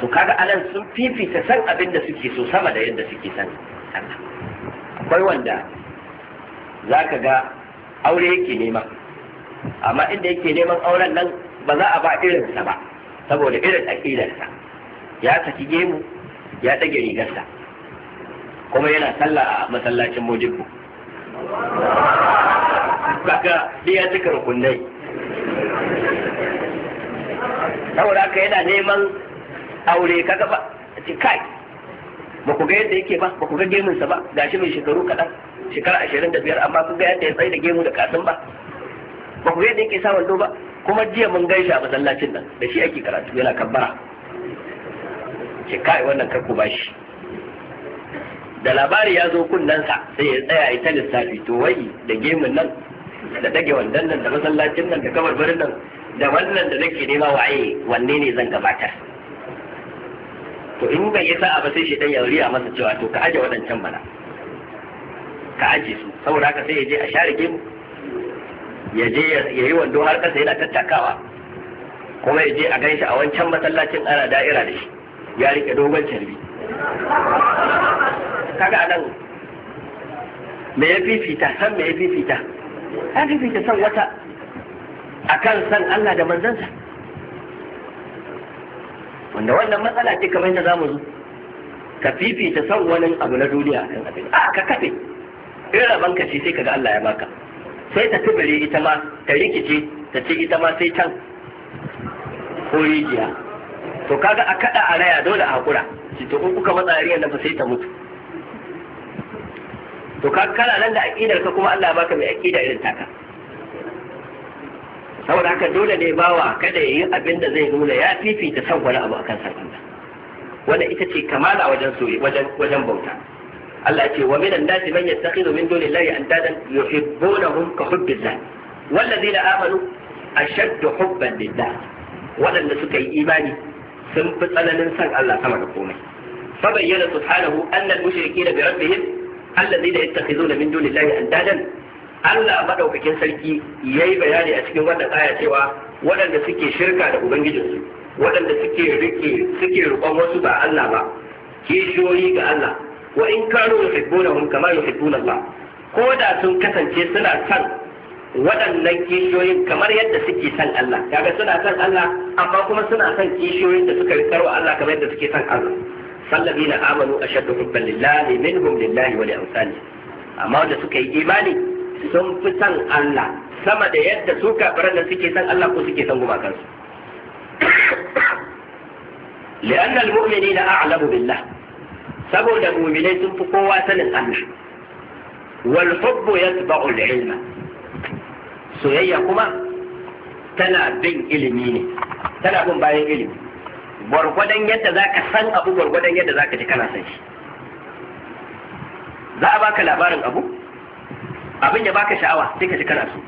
to kaga anan sun fifita san abin da suke so sama da yadda suke san akwai wanda za ka ga aure yake nema amma inda yake neman auren nan ba za a ba irinsa ba saboda irin aƙidarsa ya saki gemu ya ɗage rigarsa kuma yana sallah a masallacin mojibbo kaka da ya cika rukunai saboda haka yana neman aure kaga ba kai ba ku ga yadda yake ba ba ku ga geminsa ba gashi mai shekaru kaɗan shekara ashirin da biyar amma kun ga yadda ya tsaye da gemu da kasin ba ba ku ga yadda yake sa wando ba kuma jiya mun gaishe a masallacin nan da shi ake karatu yana kabbara ce kai wannan karku ba shi da labari ya zo kunnensa sai ya tsaya ita lissafi to wai da gemun nan da dage wandan nan da masallacin nan da kabarbarin nan da wannan da nake nema waye wanne ne zan gabatar to in bai yasa ba sai shi dan a masa cewa to ka aje waɗancan bana ka aje su saboda haka sai ya je a share gemu ya je ya yi wando har kasa yana tattakawa kuma ya je a gaishe a wancan masallacin ana da'ira da shi ya rike dogon carbi kaga anan me ya fifita san me ya fifita an fifita son wata akan san Allah da manzansa wanda wannan matsala ce kamar yadda zamu zo ka fifita son wani abu na duniya kan abin a ka kafe Irin raban ka ce sai kaga Allah ya baka sai ta tubare ita ma ta rikice ta ce ita ma sai can ko rijiya to kaga a kada a raya dole a hakura to kuka matsa yadda da sai ta mutu to ka kana nan da aqidar ka kuma Allah baka mai aqida irin taka saboda haka dole ne bawa kada ya yi abin da zai nuna ya fifita son wani abu akan san Allah wannan ita ce kamala wajen soyayya wajen wajen bauta Allah ce wa minan nasi man yattakhidhu min dunillahi andadan yuhibbunahum ka hubbillah wallazina amanu ashaddu hubban lillah waɗanda suka yi imani sun fi tsananin san Allah sama da komai fa bayyana subhanahu annal mushrikeena bi rabbihim da zo da min dunillahi andadan Allah madaukakin sarki yayi bayani a cikin wannan aya cewa waɗanda suke shirka da ubangijinsu waɗanda suke rike suke rubon wasu ba Allah ba kishiyoyi ga Allah wa in kanu hum kama yuhibbuna Allah ko da sun kasance suna san waɗannan kishiyoyi kamar yadda suke san Allah kaga suna san Allah amma kuma suna san kishiyoyin da suka rikarwa Allah kamar yadda suke san Allah فالذين آمنوا أشد حبا لله منهم لله ولأمثاله أما wanda suka yi imani sun fi san Allah sama da yadda su kafiran da suke san Allah ko suke san gumakansu لأن المؤمنين أعلم بالله saboda mu'minai sun fi kowa sanin Allah wal hubbu yatba'u al-ilma soyayya kuma tana bin bin bayan ilimi gwargwadon yadda za ka san abu gwargwadon yadda za ka ji kana san shi za a baka labarin abu abin ya baka sha'awa sai ka ji kana so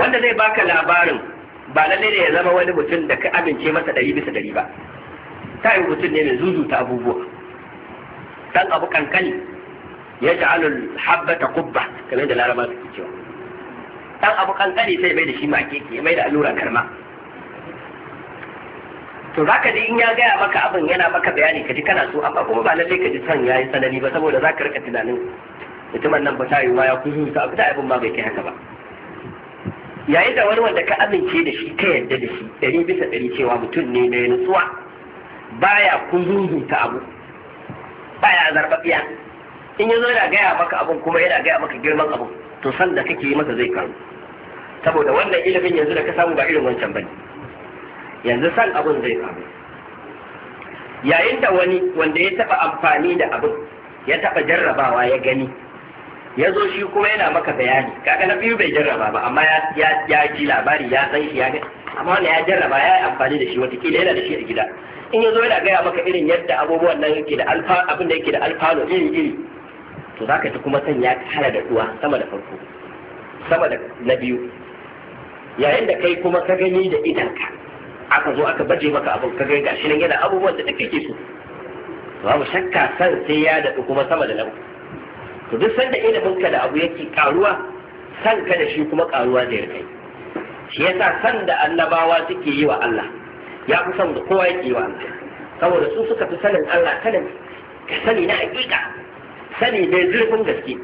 wanda zai baka labarin ba lalle ne ya zama wani mutum da ka amince masa ɗari bisa ɗari ba ta yi mutum ne mai zuzuta abubuwa san abu kankani ya ja'alul habbata kubba kamar da laraba suke cewa san abu kankani sai mai da shi makeke mai da allura karma to zaka ji in ya gaya maka abin yana maka bayani ka ji kana so amma kuma ba lalle ka ji son yayi sanani ba saboda zaka rika tunanin mutumin nan ba ta yi ma ya kuzu ta abu ta abin ma bai kai haka ba yayin da wani wanda ka amince da shi ka yarda da shi ɗari bisa ɗari cewa mutum ne mai nutsuwa baya kuzuzu ta abu baya zarbabiya in yazo yana gaya maka abin kuma yana gaya maka girman abu to san da kake yi masa zai karu saboda wannan ilimin yanzu da ka samu ba irin wancan bane yanzu san abin zai faru yayin da wani wanda ya taɓa amfani da abin ya taɓa jarrabawa ya gani ya zo shi kuma yana maka bayani kaga na biyu bai jarraba ba amma ya ya ji labari ya san shi ya ga amma wanda ya jarraba ya yi amfani da shi watakila yana da shi a gida in ya zo yana gaya maka irin yadda abubuwan nan yake da alfa abin da yake da alfano iri iri to zaka ta kuma san ya kara da duwa sama da farko sama da na biyu yayin da kai kuma ka gani da idanka aka zo aka baje maka abin ka gai gashi nan yana abubuwan da kake so babu shakka san sai ya daɗu kuma sama da nan to duk sanda ilimin ka da abu yake karuwa san ka da shi kuma karuwa da yake shi yasa san da annabawa suke yi wa Allah ya fi san da kowa yake yi wa Allah saboda su suka fi sanin Allah sanin sani na hakika sani mai zurfin gaske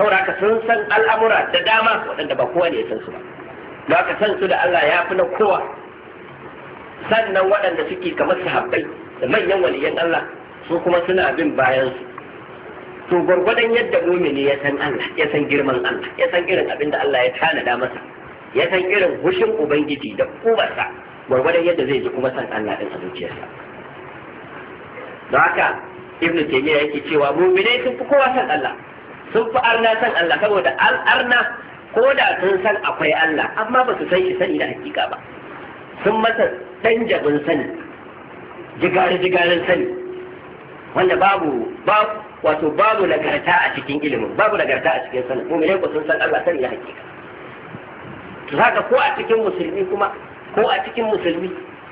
saboda haka sun san al'amura da dama waɗanda ba kowa ne ya san su ba ba ka san su da Allah ya fi na kowa sannan waɗanda suke kamar sahabbai da manyan waliyan Allah su kuma suna bin bayan su to gwargwadon yadda mumini ya san Allah ya san girman Allah ya san irin abin da Allah ya tanada masa ya san irin hushin ubangiji da kubarsa gwargwadon yadda zai ji kuma san Allah din a zuciyarsa don haka ibn taymiya yake cewa mumini sun fi kowa san Allah sun fi arna san Allah saboda arna ko da sun san akwai Allah amma ba su san shi sani da hakika ba sun masa ɗan jabin sani jigare-jigaren sani wanda babu wato babu nagarta a cikin ilimin babu nagarta a cikin kuma ne ku sun san Allah sani ya hakika to haka ko a cikin musulmi kuma ko a cikin musulmi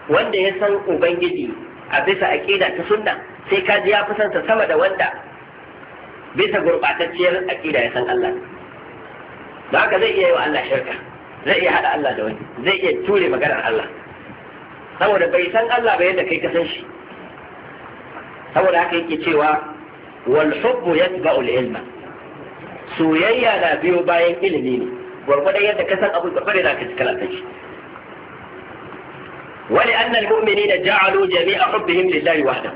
wanda ya san ubangiji a bisa aqida ta sunna sai ka ji ya fi sansa sama da wanda bisa gurbatacciyar aqida ya san Allah da haka zai iya yi wa Allah shirka zai iya hada Allah da wani zai iya ture maganar Allah saboda bai san Allah ba yadda kai ka san shi saboda haka yake cewa wal hubbu yatba'u ilma soyayya na biyo bayan ilimi ne gwargwadon yadda ka san abu gwargwadon da ka kala kana san shi wali annal mu'minina ja'alu jami'a hubbihim lillahi wahda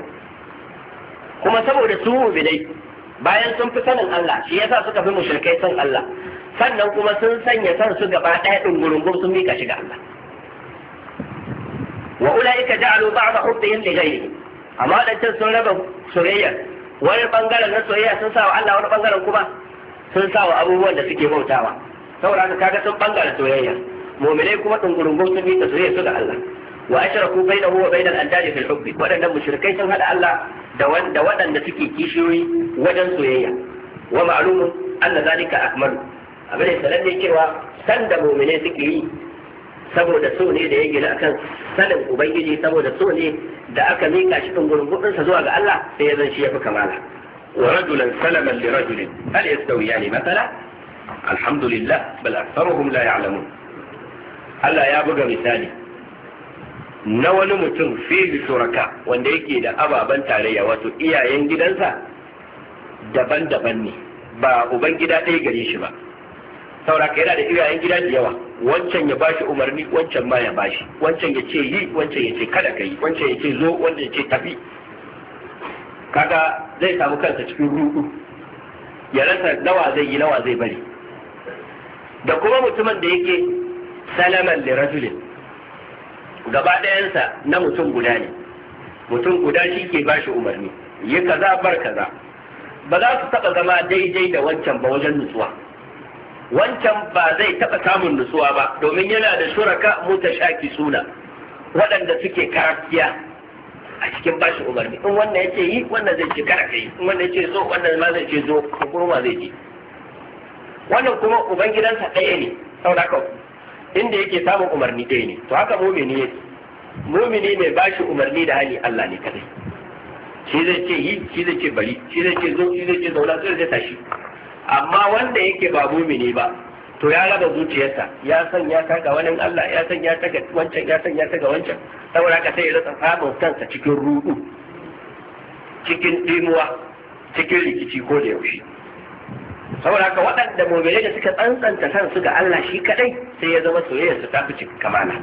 kuma saboda su mu'minai bayan sun fi sanin Allah shi yasa suka fi mushrikai san Allah sannan kuma sun sanya san su gaba ɗaya ɗin sun mika shiga Allah wa ulaika ja'alu ba'd hubbihim li ghayrihi amma wadancan sun raba soyayya wani bangaren na soyayya sun sa wa Allah wani bangaren kuma sun sa wa abubuwan da suke bautawa saboda haka kaga sun bangaren soyayya mu'minai kuma dungurungun sun yi ta soyayya su ga Allah wa ashraku bainahu wa da andadi fil hubbi wadannan mushrikai sun hada Allah da wanda waɗanda suke kishiyoyi wajen soyayya wa ma'lumun anna zalika akmalu abin da sanan ne cewa san da suke yi saboda so ne da ya gina akan sanin ubangiji saboda so ne da aka mika shi kan gurgurdinsa zuwa ga Allah sai ya zan shi yafi kamala wa rajulan salaman li rajulin hal yastawiyani mathala alhamdulillah bal aktharuhum la ya'lamun Allah ya buga misali na wani mutum fi suraka wanda yake da ababen tarayya wato iyayen gidansa daban-daban ne ba uban gida ɗaya gare shi ba saboda yana da iyayen gida da yawa wancan ya bashi umarni wancan ma ya bashi wancan ya ce yi wancan ya ce kada ka yi wancan ya ce zo wancan ya ce tafi kaga zai samu kansa cikin ruɗu. ya rasa nawa zai yi nawa zai bari da kuma mutumin da yake salaman da rajulin gaba ɗayansa na mutum guda ne mutum guda shi ke bashi umarni yi kaza bar kaza ba za su taɓa zama daidai da wancan ba wajen nutsuwa wancan ba zai taɓa samun nutsuwa ba domin yana da shuraka shaki suna waɗanda suke karafiya a cikin bashi umarni in wannan ce yi wannan zai ce kara yi, in wannan ya ce so wannan ma zai ce zo kuma zai ce wannan kuma ubangidansa ɗaya ne saboda inda yake samun umarni ɗaya ne to haka mumini ne mumini mai bashi umarni da hali Allah ne kadai shi zai ce yi shi zai ce bari shi zai ce zo shi zai ce zauna sai zai tashi amma wanda yake ba mumini ba to ya raba zuciyarsa ya san ya taka wani Allah ya san ya taka wancan ya san ya taka wancan saboda haka sai ya rasa samun kansa cikin rudu cikin dimuwa cikin rikici ko da yaushe saboda haka waɗanda mu'mini da suka tsantsanta kansu ga Allah shi kadai sai ya zama soyayya su tafi cikin kamala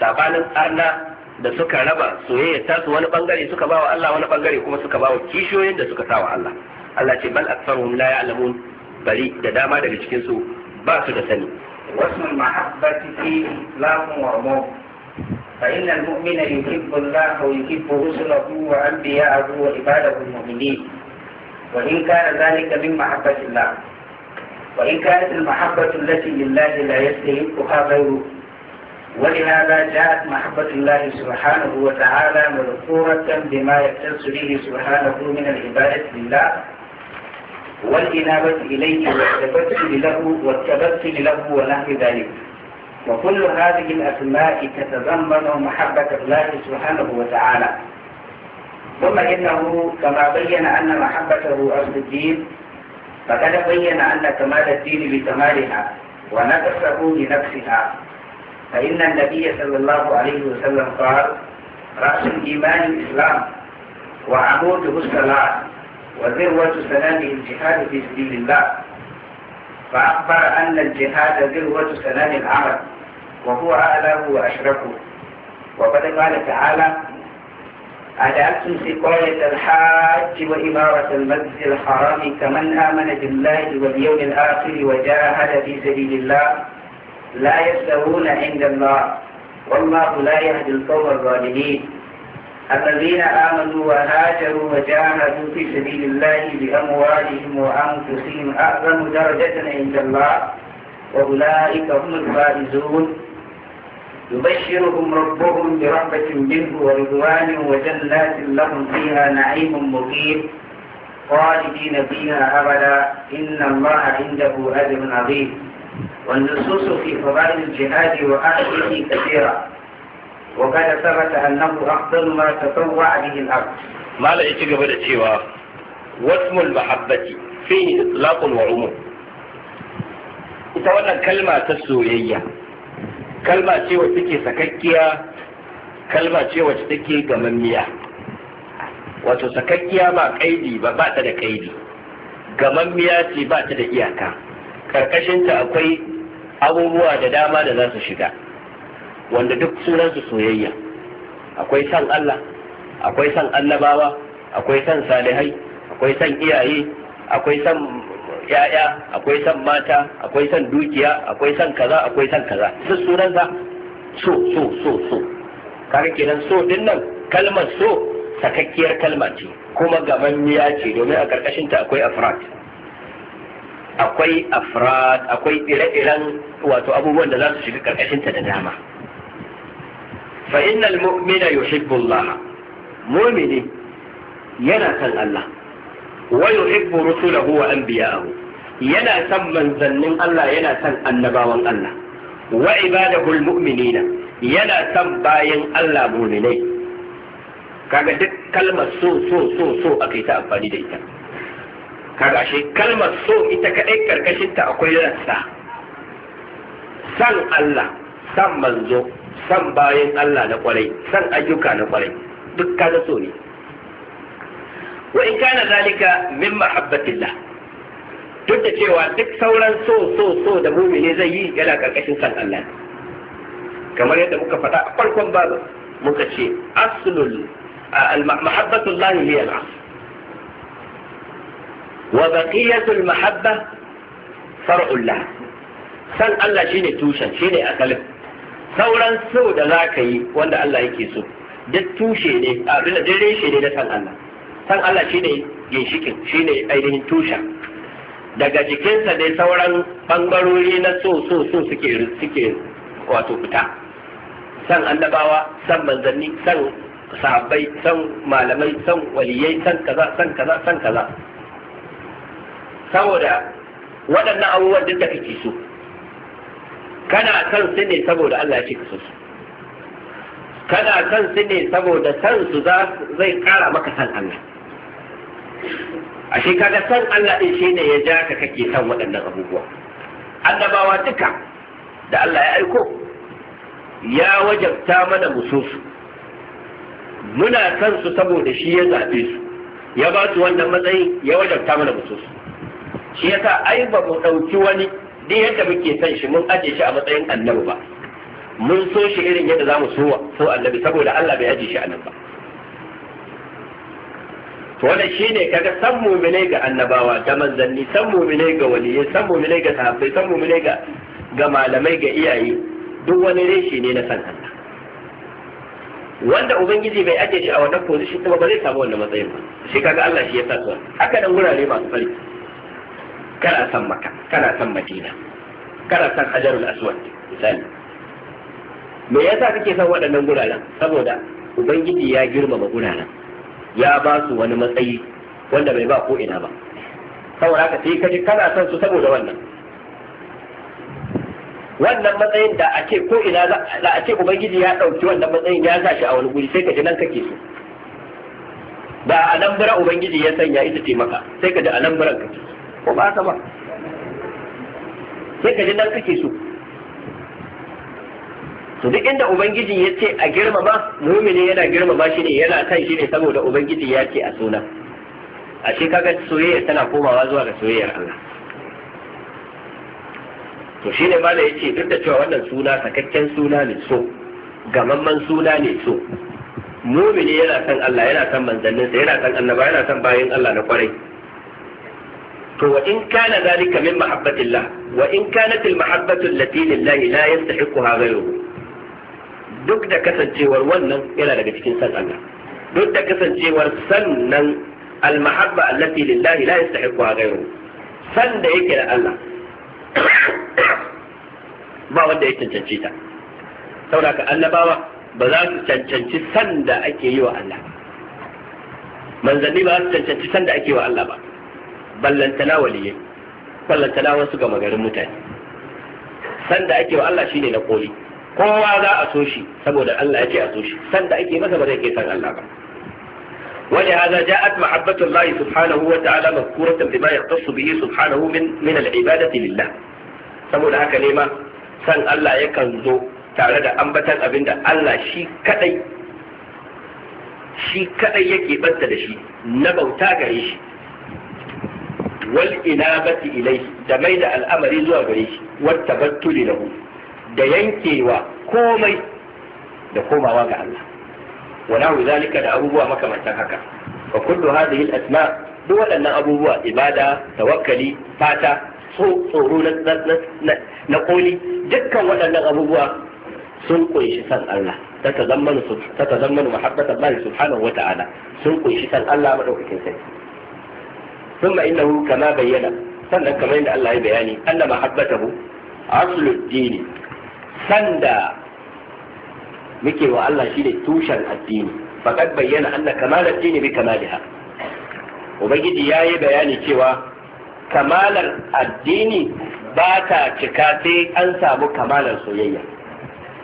sabanin arna da suka raba soyayya ta su wani bangare suka ba wa Allah wani bangare kuma suka ba wa kishiyoyin da suka wa Allah Allah ce bal aktsaruhum la ya'lamun bari da dama daga cikin su ba su da sani wasu mahabbati fi lamun wa mu fa innal mu'mina yuhibbu Allah wa yuhibbu rusulahu wa anbiya'ahu wa ibadahu al-mu'minin wa in kana dhalika min mahabbati Allah wa in kanat al-mahabbatu allati lillahi la yastahiquha ghayruhu ولهذا جاءت محبة الله سبحانه وتعالى مذكورة بما يختص به سبحانه من العبادة لله والإنابة إليه والتبتل له والتبتل له ونحو ذلك وكل هذه الأسماء تتضمن محبة الله سبحانه وتعالى ثم إنه كما بين أن محبته أصل الدين فقد بين أن كمال الدين بكمالها ونفسه لنفسها فإن النبي صلى الله عليه وسلم قال رأس الإيمان الإسلام وعموده الصلاة وذروة سنامه الجهاد في سبيل الله فأخبر أن الجهاد ذروة سنام العمل وهو أعلاه وأشرفه وقد قال تعالى أجعلتم سقاية الحاج وإمارة المسجد الحرام كمن آمن بالله واليوم الآخر وجاهد في سبيل الله لا يستوون عند الله والله لا يهدي القوم الظالمين الذين آمنوا وهاجروا وجاهدوا في سبيل الله بأموالهم وأنفسهم أعظم درجة عند الله وأولئك هم الفائزون يبشرهم ربهم برحمة منه ورضوان وجنات لهم فيها نعيم مقيم خالدين فيها أبدا إن الله عنده أجر عظيم والنصوص في فضائل الجهاد وأهله كثيرة وقد ثبت أنه أفضل ما تطوع به الأرض ما لا يتجب لتشيوا واسم المحبة فيه إطلاق وعموم ita wannan kalma ta soyayya kalma ce wacce take sakakkiya kalma ce wacce take gamammiya wato sakakkiya ba kaidi ba ba ta da kaidi gamammiya ce ba ta da iyaka karkashinta akwai abubuwa da dama da za su shiga wanda duk sunansu soyayya akwai san Allah akwai san annabawa akwai san salihai akwai san iyaye akwai san ya'ya akwai san mata akwai san dukiya akwai san kaza akwai san kaza duk sunansa so so so so kaga kenan so din nan kalmar so sakakkiyar kalma ce kuma miya ce domin a ta akwai afrat akwai afrat akwai ire-iren wato abubuwan da za su shiga ta da dama fa innal mu'mina Allah mu'mini yana san Allah wa yuhibbu rusulahu wa anbiya'ahu yana san manzannin Allah yana san annabawan Allah wa ibadahul mu'minina yana san bayan Allah mu'minai kaga duk kalmar so so so so a yi ta amfani da ita kaga ashe kalmar so ita kaɗai ƙarƙashinta akwai rassa. san Allah san manzo san bayan Allah na kwarai san ayyuka na kwarai duk ka so ne wa in kana zalika min mahabbatillah duk da cewa duk sauran so so so da mumini zai yi yana karkashin san Allah kamar yadda muka faɗa a farkon babu muka ce aslul mahabbatullah hiya al wa baqiyatul mahabba far'ullah san Allah shine tushen shine asalin sauran so da za ka yi wanda Allah yake so duk tushe ne a duk reshe ne na san Allah san Allah shine ginshikin shine ainihin tusha daga jikinsa ne sauran bangarori na so so so suke suke wato fita san annabawa san manzanni san sahabbai san malamai san waliyai san kaza san kaza san kaza saboda waɗannan abubuwan duk da kake so kana san su ne saboda Allah ya ce ka so su kana san su ne saboda san su zai kara maka san Allah ashe kaga san Allah din shi ne ya ja ka kake san waɗannan abubuwa annabawa duka da Allah ya aiko ya wajabta mana musufu, muna san su saboda shi ya zaɓe su ya ba su wannan matsayi ya wajabta mana musufu, shi yasa ai ba mu ɗauki wani duk yadda muke son shi mun aje shi a matsayin annabi ba mun so shi irin yadda zamu so so annabi saboda Allah bai aje shi a nan ba to wannan shine kaga san mu'mine ga annabawa da manzanni san mu'mine ga waliyai san mu'mine ga sahabbai san mu'mine ga ga malamai ga iyaye duk wani reshe ne na san Allah wanda ubangiji bai aje shi a wannan position kuma ba zai samu wannan matsayin ba shi kaga Allah shi ya sa haka nan gurare masu farki kana san maka kana san madina kana san hajarul aswad misali me yasa kake san waɗannan guraren saboda ubangiji ya girmama guraren ya ba su wani matsayi wanda bai ba ko ina ba saboda haka sai kaji kana san su saboda wannan wannan matsayin da ake ko ina za a ce ubangiji ya ɗauki wannan matsayin ya sa shi a wani guri sai kaji nan kake so Ba a nan ubangiji ya sanya ita ce maka sai kaji a nan kake so ko ba ta ba sai ka ji nan kake so to duk inda ubangiji ya ce a girmama mumini yana girmama shi ne yana kan shi ne saboda ubangiji ya ce a suna A shi kaga soyayya tana komawa zuwa ga soyayyar Allah to shi ne mala yace duk da cewa wannan suna sakakken suna ne so gamamman suna ne so mumini yana san Allah yana san manzanninsa yana san annaba yana san bayin Allah na kwarai to wa in kana zalika min mahabbatillah wa in kanat al mahabbatu allati lillahi la yastahiquha ghayruhu duk da kasancewar wannan yana daga cikin san Allah duk da kasancewar sannan almahabba mahabba allati lillahi la yastahiquha ghayruhu san da yake da Allah *coughs* ba wanda ya cancanci ta saboda ka annabawa ba za su cancanci san da ake yi wa Allah manzanni ba za su cancanci san da ake wa Allah ba ballantana waliyai ballantana wasu gama garin mutane sanda ake wa Allah shine na koli kowa za a so shi saboda Allah ya ce a so shi sanda ake masa ba zai ke san Allah ba wani ولهذا جاءت محبة الله سبحانه وتعالى مذكورة بما يختص subhanahu min من من العبادة لله. saboda haka ne ma san Allah yakan zo tare da ambatan abinda Allah shi kadai shi kadai yake banta da shi na bauta gare shi wal inabati ilayhi da mai da al'amari zuwa gare shi wat tabattuli lahu da yankewa komai da komawa ga Allah wa nahu zalika da abubuwa makamantan haka wa kullu hadhihi al-asma duk waɗannan abubuwa ibada tawakkali fata tsoro na koli dukkan waɗannan abubuwa sun kunshi san Allah ta tazammanu mahabbatan sun Allah thumma innahu kama bayyana sannan kamar yadda Allah ya bayani anna mahabbatahu aslud dini sanda muke wa Allah shine tushen addini faqad bayyana anna kamal addini bi kamaliha ubangiji yayi bayani cewa kamalar addini ba ta cika sai an samu kamalar soyayya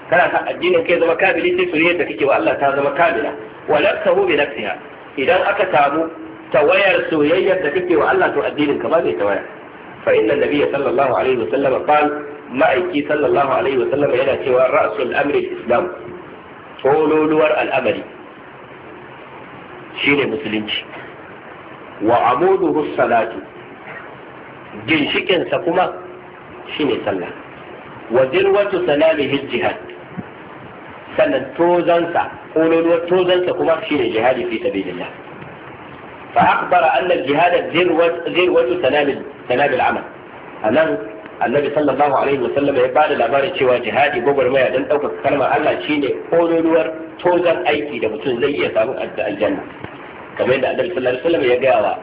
kana sa addinin kai zama kabili sai soyayyar da kake wa Allah ta zama kabila wa nafsuhu bi nafsiha idan aka samu tawayar soyayyar da kake wa Allah to addinin ka ba zai tawaya fa inna nabiyya sallallahu alaihi wa wasallam qal ma'aiki sallallahu alaihi wa wasallam yana cewa ra'sul amri islam kololuwar al'amari shine musulunci wa amuduhu salatu ginshikinsa kuma shine sallah wa dirwatu salamihi jihad sannan tozansa kololuwar tozansa kuma shine jihadi fi sabilillah فأخبر أن الجهاد ذروة ذروة سناب سناب العمل. أنه النبي صلى الله عليه وسلم يبان الأمر شوى جهاد بوبر ما يدن أو كلمة الله شيني أولور تولغر أي كي دمتون زي يسامو الجنة. كما أن النبي صلى الله عليه وسلم يقاوى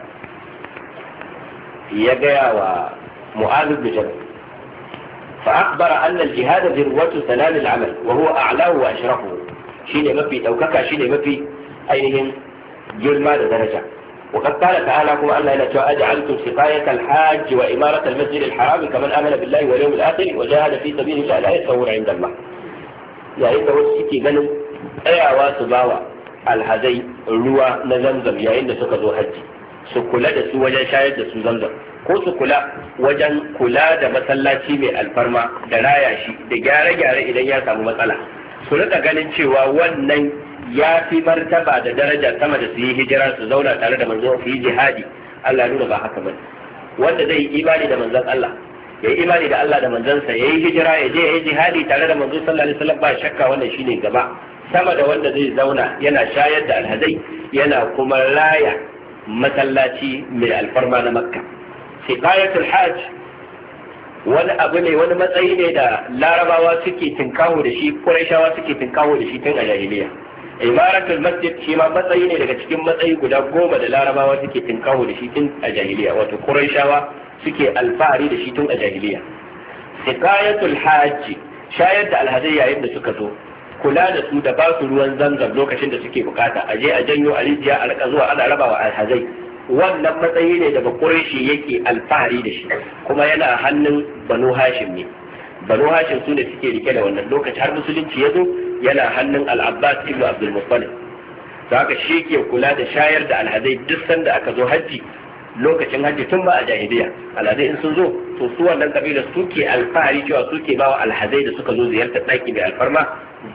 يقاوى معاذ بن جبل فأخبر أن الجهاد ذروة سناب العمل وهو أعلاه وأشرفه. شيني ما في توكاكا شيني ما في أيهم جرما درجة وقد قال تعالى كما أن لنا أجعلتم سقاية الحاج وإمارة المسجد الحرام كمن آمن بالله واليوم الآخر وجاهد في سبيل الله لا يستوون عند الله يا إيه وسكي ganin tsayawa su bawa alhazai ruwa na zamzam yayin da suka zo hajji su kula da su wajen shayar da su zamzam ko su kula wajen kula da masallaci mai alfarma da raya shi da gyare-gyare idan ya samu matsala su rika ganin cewa wannan ya fi martaba da daraja sama da su yi hijira su zauna tare da manzo su yi jihadi Allah nuna ba haka bane wanda zai yi imani da manzon Allah ya yi imani da Allah da sa ya yi hijira ya je ya yi jihadi tare da manzo sallallahu alaihi wasallam ba shakka wannan shine gaba sama da wanda zai zauna yana shayar da alhazai yana kuma laya masallaci mai alfarma na makka siqayatul hajj wani abu ne wani matsayi ne da larabawa suke tinkawo da shi qurayshawa suke tinkawo da shi tun a jahiliya imaratul masjid shi ma matsayi ne daga cikin matsayi guda goma da larabawa suke tinkawo da shi tun a jahiliya wato quraishawa suke alfahari da shi tun a jahiliya sikayatul Haji shayar da alhazai yayin da suka zo kula da su da ba su ruwan zanzam lokacin da suke bukata a je a janyo a rijiya a rika zuwa ana rabawa alhazai wannan matsayi ne da bakureshi yake alfahari da shi kuma yana hannun banu hashim ne banu hashim su ne suke rike da wannan lokaci har musulunci ya zo yana hannun al-abbas ibn abdul muttalib haka shi ke kula da shayar da alhazai duk sanda aka zo hajji lokacin hajji tun ba a jahiliya alhazai in sun zo to su wannan kabila suke alfahari cewa suke ba wa alhazai da suka zo ziyartar ɗaki mai alfarma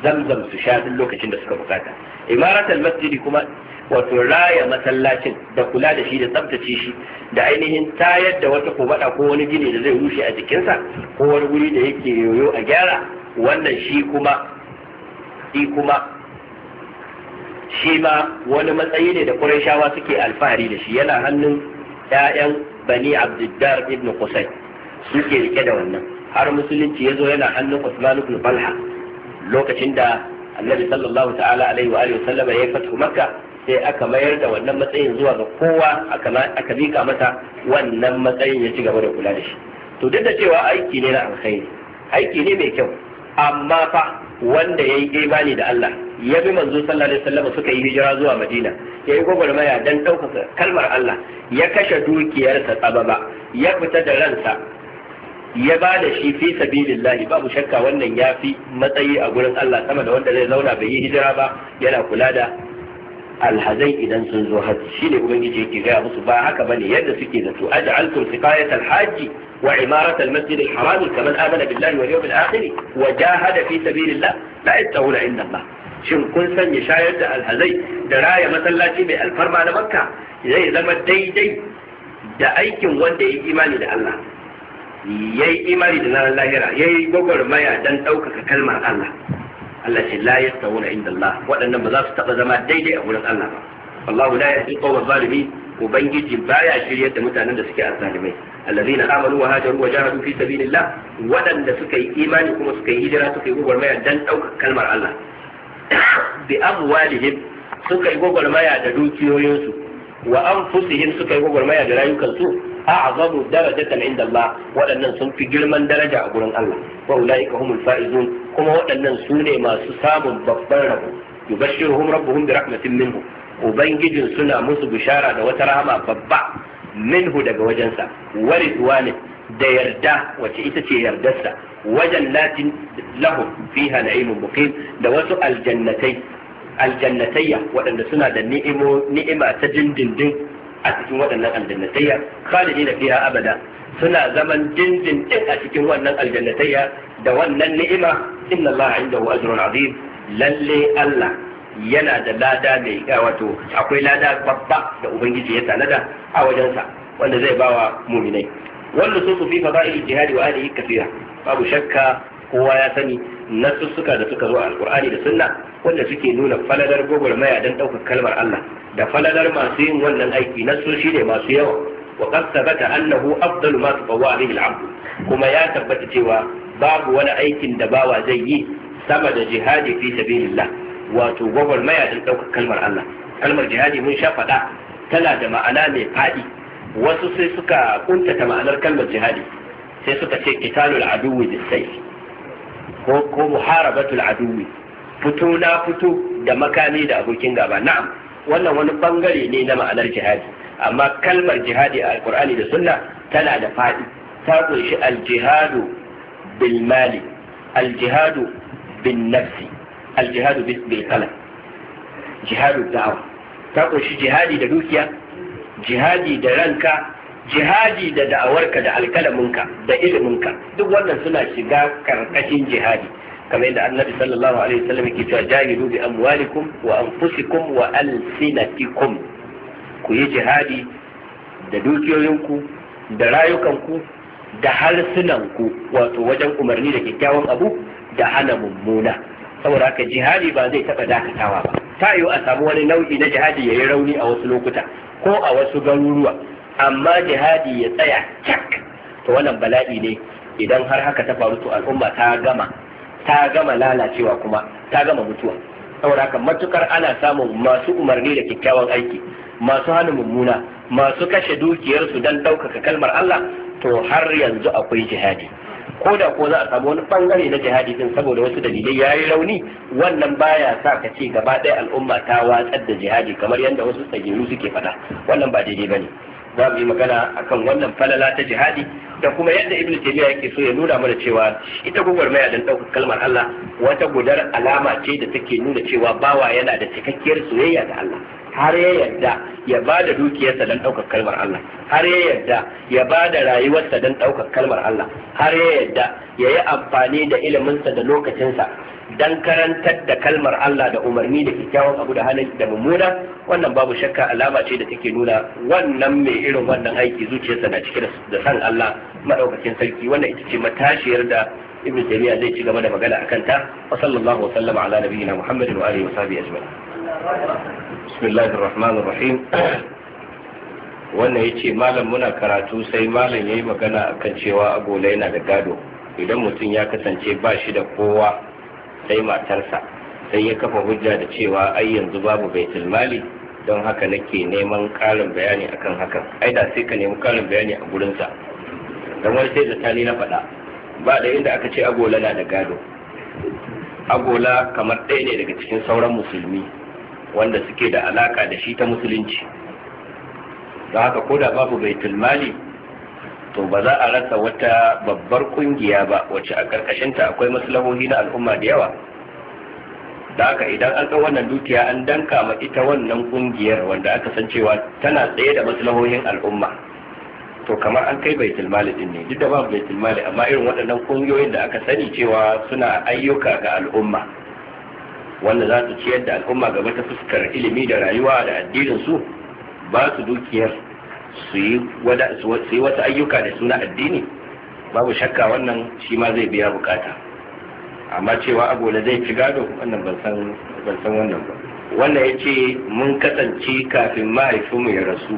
zamzam su sha duk lokacin da suka bukata imaratul masjidi kuma wato raya masallacin da kula da shi da tsabtace shi da ainihin tayar da wata komada ko wani gini da zai rushe a jikinsa ko wani guri da yake yoyo a gyara wannan shi kuma shi kuma shi ma wani matsayi ne da Qurayshawa suke alfahari da shi yana hannun ƴaƴan Bani Abdiddar ibn Qusay suke rike da wannan har musulunci ya zo yana hannun Usman ibn Talha lokacin da Annabi sallallahu ta'ala alaihi wa alihi ya fatu Makka sai aka mayar da wannan matsayin zuwa ga kowa aka mika masa wannan matsayin ya ci gaba da kula da shi to duk da cewa aiki ne na alkhairi aiki ne mai kyau amma fa wanda ya yi imani da Allah ya bi manzo sallallahu alaihi wasallam suka yi hijira zuwa Madina ya yi gwagwarmaya don ɗaukaka kalmar Allah ya kashe dukiyarsa tsababa ya fita da ransa ya ba da shi fi sabilillahi babu shakka wannan ya fi matsayi a gurin Allah sama da wanda zai zauna bai yi hijira ba yana kula da alhazai idan sun zo hajji shine ubangiji yake gaya musu ba haka bane yadda suke da su aj'altum siqayat alhaji wa imarat almasjid alharam kaman amana billahi wal yawmil akhir wa jahada fi sabilillah la yastawla inda Allah shin kun sanya shayar da alhazai da raya masallaci mai alfarma na makka zai zama daidai da aikin wanda ya imani da Allah yayi imani da ranar lahira yi gwagwarmaya dan ɗaukaka kalmar Allah Allah ce la yastawuna inda Allah waɗannan ba za su taɓa zama daidai a wurin Allah ba Allahu la yahdi qawma zalimi ubangiji baya shiryar da mutanen da suke azzalimai allazina amanu wa hajaru wa jahadu fi sabilillah waɗanda suka yi imani kuma suka yi hijira suka yi gwagwarmaya dan ɗaukar kalmar Allah bi amwalihim suka yi gwagwarmaya da dukiyoyinsu wa anfusihim suka yi gwagwarmaya da rayukansu a'zamu darajatan inda Allah waɗannan sun fi girman daraja a gurin Allah wa ulaika humul faizun kuma waɗannan su ne masu samun babban rabo yubashshiruhum rabbuhum bi rahmatin minhu ubangijin suna musu bishara da wata rahama babba minhu daga wajensa wa ridwanin da yarda wace ita ce yardarsa wajen latin lahum fiha na'imun muqim da wasu aljannatai aljannatayya waɗanda suna da ni'ima ta dindindin a cikin waɗannan aljannatayya khalidina fiha abada suna zaman dindindin a cikin wannan aljannatayya da wannan ni'ima inna Allah indahu ajrun azim lalle Allah yana da lada mai eh, wato akwai lada babba da ubangiji ya tanada a wajensa wanda zai bawa muminai wanda su fi fada'il jihadi wa alihi kafira babu shakka kowa ya sani nasussuka da suka zo a alkur'ani da sunna wanda suke nuna falalar maya don ɗaukar kalmar Allah da falalar masu yin wannan aiki nasu ne masu yawa wa qad sabata annahu afdalu ma tatawwa bihi al kuma ya tabbata cewa babu wani aikin da bawa zai yi sama da jihadi fi sabilillah wato gwagwarmaya don ɗaukar kalmar Allah kalmar jihadi mun sha faɗa tana da ma'ana mai faɗi wasu sai suka kuntata ma'anar kalmar jihadi sai suka ce qitalul aduwwi bisayf ko ko muharabatul aduwwi fito na fito da makami da abokin gaba na'am wannan wani bangare ne na ma'anar jihadi amma kalmar jihadi a alqur'ani da sunna tana da faɗi ta kunshi aljihadu بالمال الجهاد بالنفس الجهاد بالقلم جهاد الدعوة تقول جهادي دا دوكيا جهادي دا رانكا jihadi da da'awarka da alkalaminka da iliminka duk wannan suna shiga karkashin jihadi kamar yadda annabi sallallahu alaihi wasallam yake cewa jahidu bi amwalikum wa anfusikum wa alsinatikum ku yi jihadi da dukiyoyinku da rayukanku da harsunanku wato wajen umarni da kyakkyawan abu da hana mummuna saboda haka jihadi ba zai taɓa dakatawa ba ta yiwu a samu wani nau'i na jihadi ya yi rauni a wasu lokuta ko a wasu garuruwa amma jihadi ya tsaya cak to wannan bala'i ne idan har haka ta faru to al'umma ta gama ta gama lalacewa kuma ta gama mutuwa saboda haka matukar ana samun masu umarni da kyakkyawan aiki masu hana mummuna masu kashe dukiyarsu don ɗaukaka kalmar Allah to har yanzu akwai jihadi ko da ko za a samu wani bangare na jihadi din saboda wasu dalilai ya yi rauni wannan baya sa ka ce gaba ɗaya al'umma ta watsar da jihadi kamar yadda wasu tsagiru suke faɗa wannan ba daidai bane za mu yi magana akan wannan falala ta jihadi da kuma yadda ibnu taymiya yake so ya nuna mana cewa ita gwagwarmaya don ɗaukar kalmar Allah wata gudar alama ce da take nuna cewa bawa yana da cikakkiyar soyayya ga Allah har ya yarda ya ba da dukiyarsa don ɗaukar kalmar Allah har ya yarda ya ba da rayuwarsa don ɗaukar kalmar Allah har ya yarda ya yi amfani da iliminsa da lokacinsa don karantar da kalmar Allah da umarni da kyakkyawan abu da hannun da mummuna wannan babu shakka alama ce da take nuna wannan mai irin wannan aiki zuciyarsa na cike da san Allah madaukakin sarki wannan ita ce matashiyar da ibn taymiya zai ci gaba da magana akan ta wa sallallahu wa sallama ala nabiyyina muhammadin wa alihi wa sahbihi ajma'in الله الرحمن الرحيم wannan ce malam muna karatu sai malam ya yi magana akan cewa agola yana da gado idan mutum ya kasance ba shi da kowa sai matarsa sai ya kafa hujja da cewa ai yanzu babu baitul mali don haka nake neman karin bayani akan hakan ai da sai ka nemi karin bayani a gurinsa don wani sai zata ni na faɗa ba da inda aka ce agola na da gado agola kamar ɗaya ne daga cikin sauran musulmi wanda suke da alaka da shi ta musulunci don haka ko da babu baitul mali to ba za a rasa wata babbar kungiya ba wacce a karkashinta akwai maslahohi na al'umma da yawa da haka idan an san wannan dukiya an danka ma ita wannan kungiyar wanda aka san cewa tana tsaye da maslahohin al'umma to kamar an kai baitul mali din ne duk da babu baitul mali amma irin waɗannan kungiyoyin da aka sani cewa suna ayyuka ga al'umma wanda za su ciyar da al'umma gaba ta fuskar ilimi da rayuwa da addinin su ba su dukiyar su yi wasu ayyuka da suna addini babu shakka wannan shi ma zai biya bukata amma cewa agola zai ci gado wannan ban san wannan ba wannan ya ce mun kasance kafin mahaifinmu ya rasu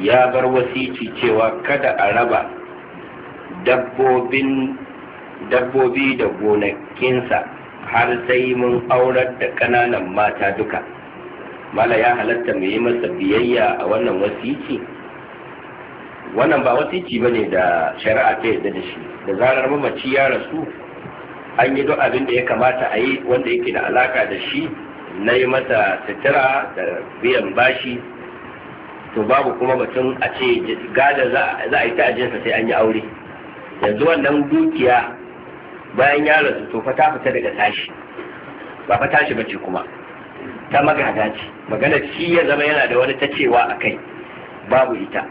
ya bar wasici cewa kada a raba dabbobin dabbobi da gonakinsa har sai mun aurar da ƙananan mata duka mala ya halatta mu yi masa biyayya a wannan wasici wannan ba wasici ba ne da shari'a ta yadda da shi da zarar mamaci ya rasu an yi duk abin da ya kamata a yi wanda yake da alaka da shi na yi masa sutura da biyan bashi to babu kuma batun a ce gada za a yi ta ajinsa sai an yi aure yanzu wannan dukiya bayan ya rasu to fa ta fita daga tashi ba fa tashi bace kuma ta magada ce magana shi ya zama yana da wani tacewa a kai babu ita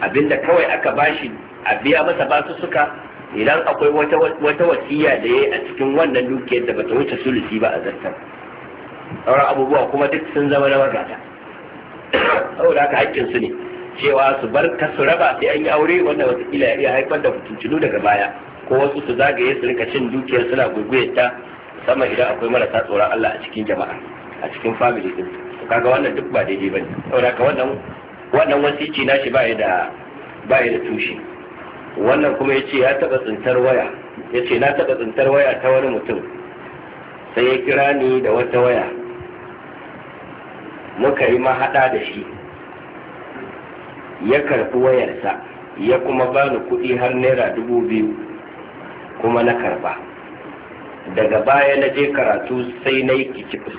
abinda kawai aka bashi a biya masa basu suka idan akwai wata wasiya da ya a cikin wannan dukiyar da bata wuce sulusi ba a zartar sauran abubuwa kuma duk sun zama na magada saboda haka haƙƙinsu su ne cewa su bar ka su raba sai an yi aure wanda wataƙila ya iya haifar da fitintunu daga baya ko wasu su zagaye su rinka cin dukiyar suna gurguye ta sama idan akwai marasa tsoron Allah a cikin jama'a a cikin family din to kaga wannan duk ba daidai bane saboda ka wannan wannan wasici shi ba da bai da tushe wannan kuma yace ya taba tsintar waya yace na taba tsintar waya ta wani mutum sai ya kira ni da wata waya muka yi mahada da shi ya karbi wayarsa ya kuma bani kuɗi har naira dubu biyu kuma na karba daga baya na je karatu sai na yi kicikus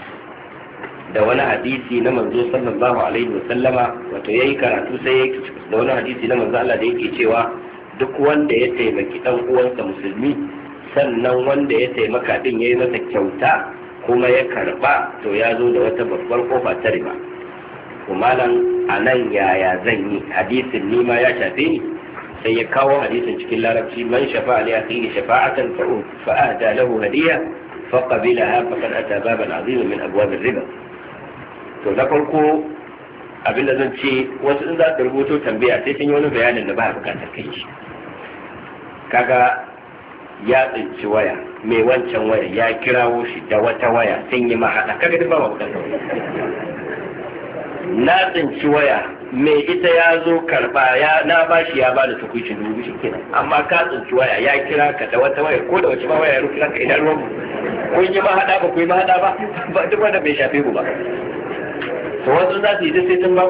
da wani hadisi na manzo sallallahu alaihi wasallama wato yayi karatu sai ya kicikus da wani hadisi na manzo Allah da yake cewa duk wanda ya taimaki dan uwansa musulmi sannan wanda ya taimaka din yi masa kyauta kuma ya karba to ya zo da wata babbar kofa ta riba nan a nan yaya zan yi hadisin nima ya shafe ni sai ya kawo hadisin cikin larabci man shafa li akhihi shafa'atan fa ahda lahu hadiya fa qabilaha fa qad ata baban azima min abwab ar-riba to na farko abin da zan ce wasu in za ka rubuto tambaya sai sun yi wani bayanin da ba a bukatar kai shi kaga ya tsinci waya mai wancan waya ya kirawo shi da wata waya sun yi mahaɗa kaga duk ba ma bukatar na tsinci waya mai ita ya zo karba ya na bashi ya bada tukuici dubu shi kenan amma ka tsinci waya ya kira ka da wata waya ko da wace ba waya ya rufe ka idan ruwan kun yi ma hada ba kun yi ma hada ba ba duk wanda bai shafe ku ba to wasu za su yi duk sai sun ba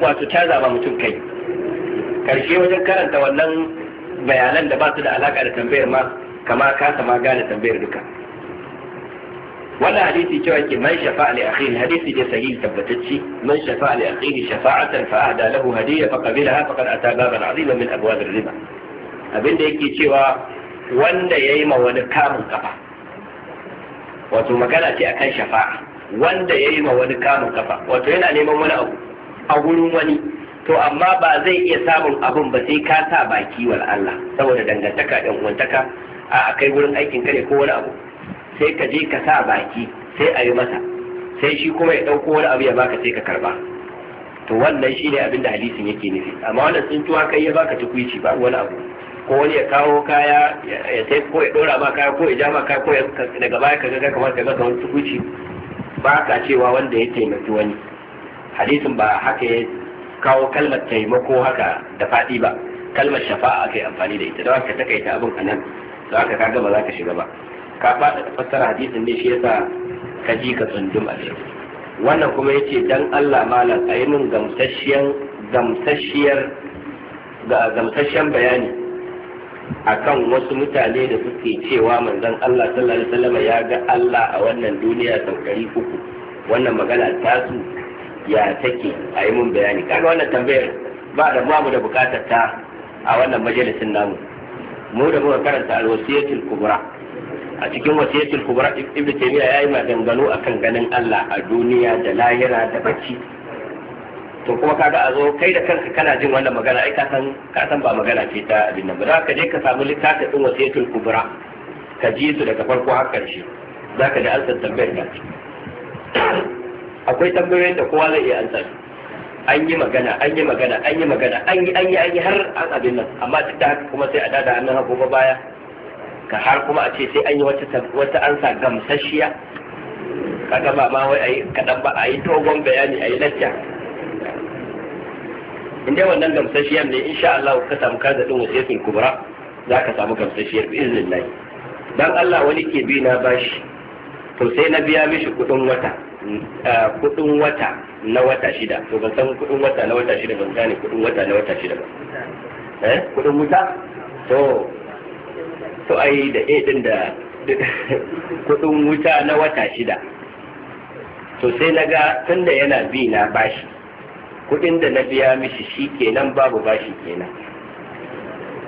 wato ta zaba mutum kai karshe wajen karanta wannan bayanan da ba su da alaka da tambayar ma kama kasa ma gane tambayar duka wannan hadisi cewa ke man shafa'a li akhihi hadisi da sahihi tabbatacce man shafa'a li akhihi shafa'atan fa ahda lahu hadiyya fa qabilaha faqad ata baban azima min abwab ar-riba abinda yake cewa wanda yayi ma wani kamun kafa wato magana ce akan shafa'a wanda yayi ma wani kamun kafa wato yana neman wani abu a gurin wani to amma ba zai iya samun abun ba sai ka sa baki wal Allah saboda dangantaka dan uwantaka a kai gurin aikin kare ko wani abu sai ka je ka sa baki sai a yi masa sai shi kuma ya ɗauko wani abu ya baka sai ka karba to wannan shine abin da hadisin yake nufi amma wannan sun ci kai ya baka tukuici ba wani abu ko wani ya kawo kaya ya sai ko ya ɗora ma kaya ko ya ja ma kaya ko daga baya ka ga kamar ka ga wani tukuici ba ka cewa wanda ya taimaki wani hadisin ba haka ya kawo kalmar taimako haka da faɗi ba kalmar shafa'a kai amfani da ita don haka takaita abin anan don haka kaga ba za ka shiga ba ka fada da fassara hadisin ne shi yasa ka ji ka tsundum a cikin wannan kuma yace dan Allah malam a yi min gamsasshiyar gamsasshiyar ga gamsasshen bayani akan wasu mutane da suke cewa manzon Allah sallallahu alaihi wasallam ya ga Allah a wannan duniya saukari uku wannan magana ta su ya take a yi mun bayani kaga wannan tambayar ba da mu da bukatar ta a wannan majalisin namu mu da muka karanta alwasiyatul kubra a cikin wasiyatul kubra ibnu taymiya yayi maganganu akan ganin Allah a duniya da lahira da bacci to kuma kaga a zo kai da kanka kana jin wannan magana ai ka san ka san ba magana ce ta abin nan ba za ka je ka samu littafin din wasiyatul kubra ka ji su daga farko har karshe za ka ji an tambayar da akwai tambayoyin da kowa zai iya ansa an yi magana an yi magana an yi magana an yi an yi har an abin nan amma duk da haka kuma sai a dada hannun hagu baya ka har kuma a ce sai an yi wata ansa gamsashiya kaga ba ma wai ayi kadan ba ayi dogon bayani ayi lacca in dai wannan gamsashiyar ne insha Allah ka samu kaza din wasiyatul kubra zaka samu gamsashiyar bi iznillah dan Allah wani ke bi na bashi to sai na biya mishi kudin wata kudin wata na wata shida to ban san kudin wata na wata shida ban gane kudin wata na wata shida ba eh kudin wuta to to ai da ɗin da kuɗin wuta na wata shida to sai na ga tun da yana bi na bashi kuɗin da na biya mishi shi kenan babu bashi kenan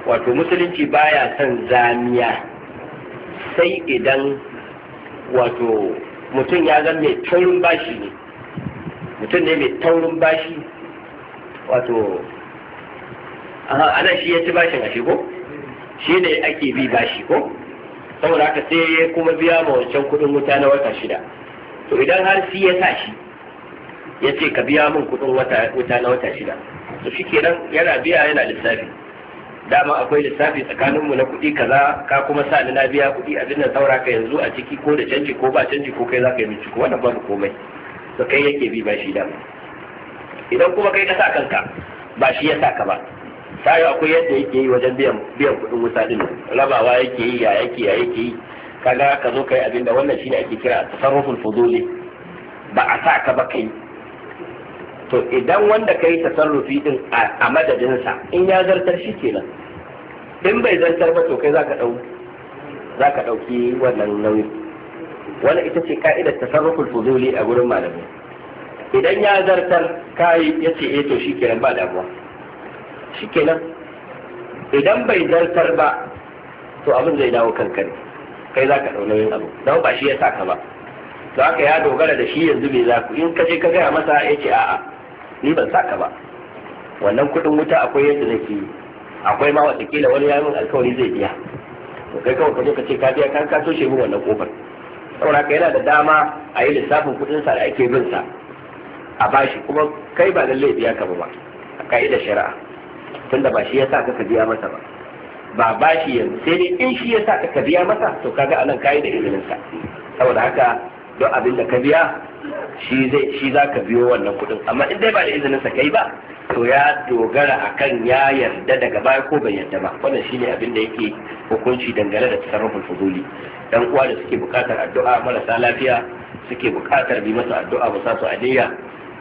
wato musulunci baya son zamiya sai idan wato mutum ya zan mai taurin bashi ne mutum ne mai taurin bashi wato ana shi ya ci bashin a shigo? shi ne ake bi bashi ko saboda haka sai ya kuma biya ma wancan kuɗin wuta na wata shida to idan har shi ya sa shi ya ce ka biya min kuɗin wuta na wata shida to shi kenan yana biya yana lissafi dama akwai lissafi tsakaninmu na kuɗi kaza ka kuma sa ni na biya kuɗi abin nan saura ka yanzu a ciki ko da canji ko ba canji ko kai za ka yi ciki wannan babu komai to kai yake bi bashi dama idan kuma kai ka sa kanka ba shi ya sa ka ba ta yi akwai yadda yake yi wajen biyan biyan kuɗin wuta din rabawa yake yi ya yake ya yake yi kaga ka zo kai abin da wannan shine ake kira tasarruful fuduli ba a sa ka ba kai to idan wanda kai tasarrufi din a madadinsa in ya zartar shi kenan in bai zartar ba to kai zaka dau zaka dauki wannan nauyin wannan ita ce ka'idar tasarruful fuduli a gurin malamai idan ya zartar kai yace eh to shikenan ba damuwa kenan idan bai zartar ba to abin zai dawo kanka ne kai za ka ɗauna nauyin abu don ba shi ya saka ba za ka ya dogara da shi yanzu mai za ku in ka je ka gaya masa ya ce a'a ni ban saka ba wannan kuɗin wuta akwai yadda zai yi akwai ma watakila wani ya min alkawari zai biya to kai kawai ka zo ka ce ka biya kan ka toshe min wannan kofar saboda ka yana da dama a yi lissafin kudin sa da ake bin sa a bashi kuma kai ba lallai biya ka ba ba a ka'idar shari'a tunda ba shi yasa ka biya masa ba ba bashi yanzu sai dai in shi yasa ka biya masa to kaga anan kai da izinin sa saboda haka don abin da ka biya shi zai shi za ka biyo wannan kuɗin amma in dai ba da izinin sa kai ba to ya dogara akan ya yarda daga baya ko bai yarda ba wannan shine abin da yake hukunci dangane da tasarrufin fuzuli dan uwa da suke bukatar addu'a marasa lafiya suke bukatar bi masa addu'a ba sa su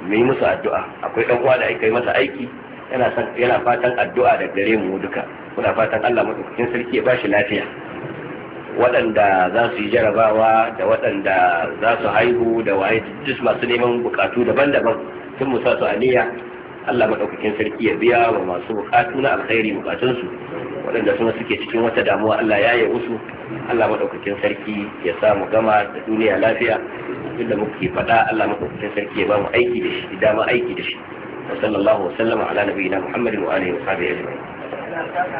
mu yi musu addu'a akwai dan uwa da aka yi masa aiki yana san yana fatan addu'a da gare mu duka muna fatan Allah madaukakin sarki ya bashi lafiya waɗanda za su yi jarabawa da waɗanda za su haihu da waye duk masu neman bukatu daban-daban sun musa su aniya Allah madaukakin sarki ya biya wa masu bukatu na alkhairi bukatun su waɗanda suna suke cikin wata damuwa Allah ya yi musu Allah madaukakin sarki ya sa mu gama da duniya lafiya duk da muke faɗa Allah madaukakin sarki ya ba mu aiki da shi dama aiki da shi وصلى الله وسلم على نبينا محمد وآله وصحبه أجمعين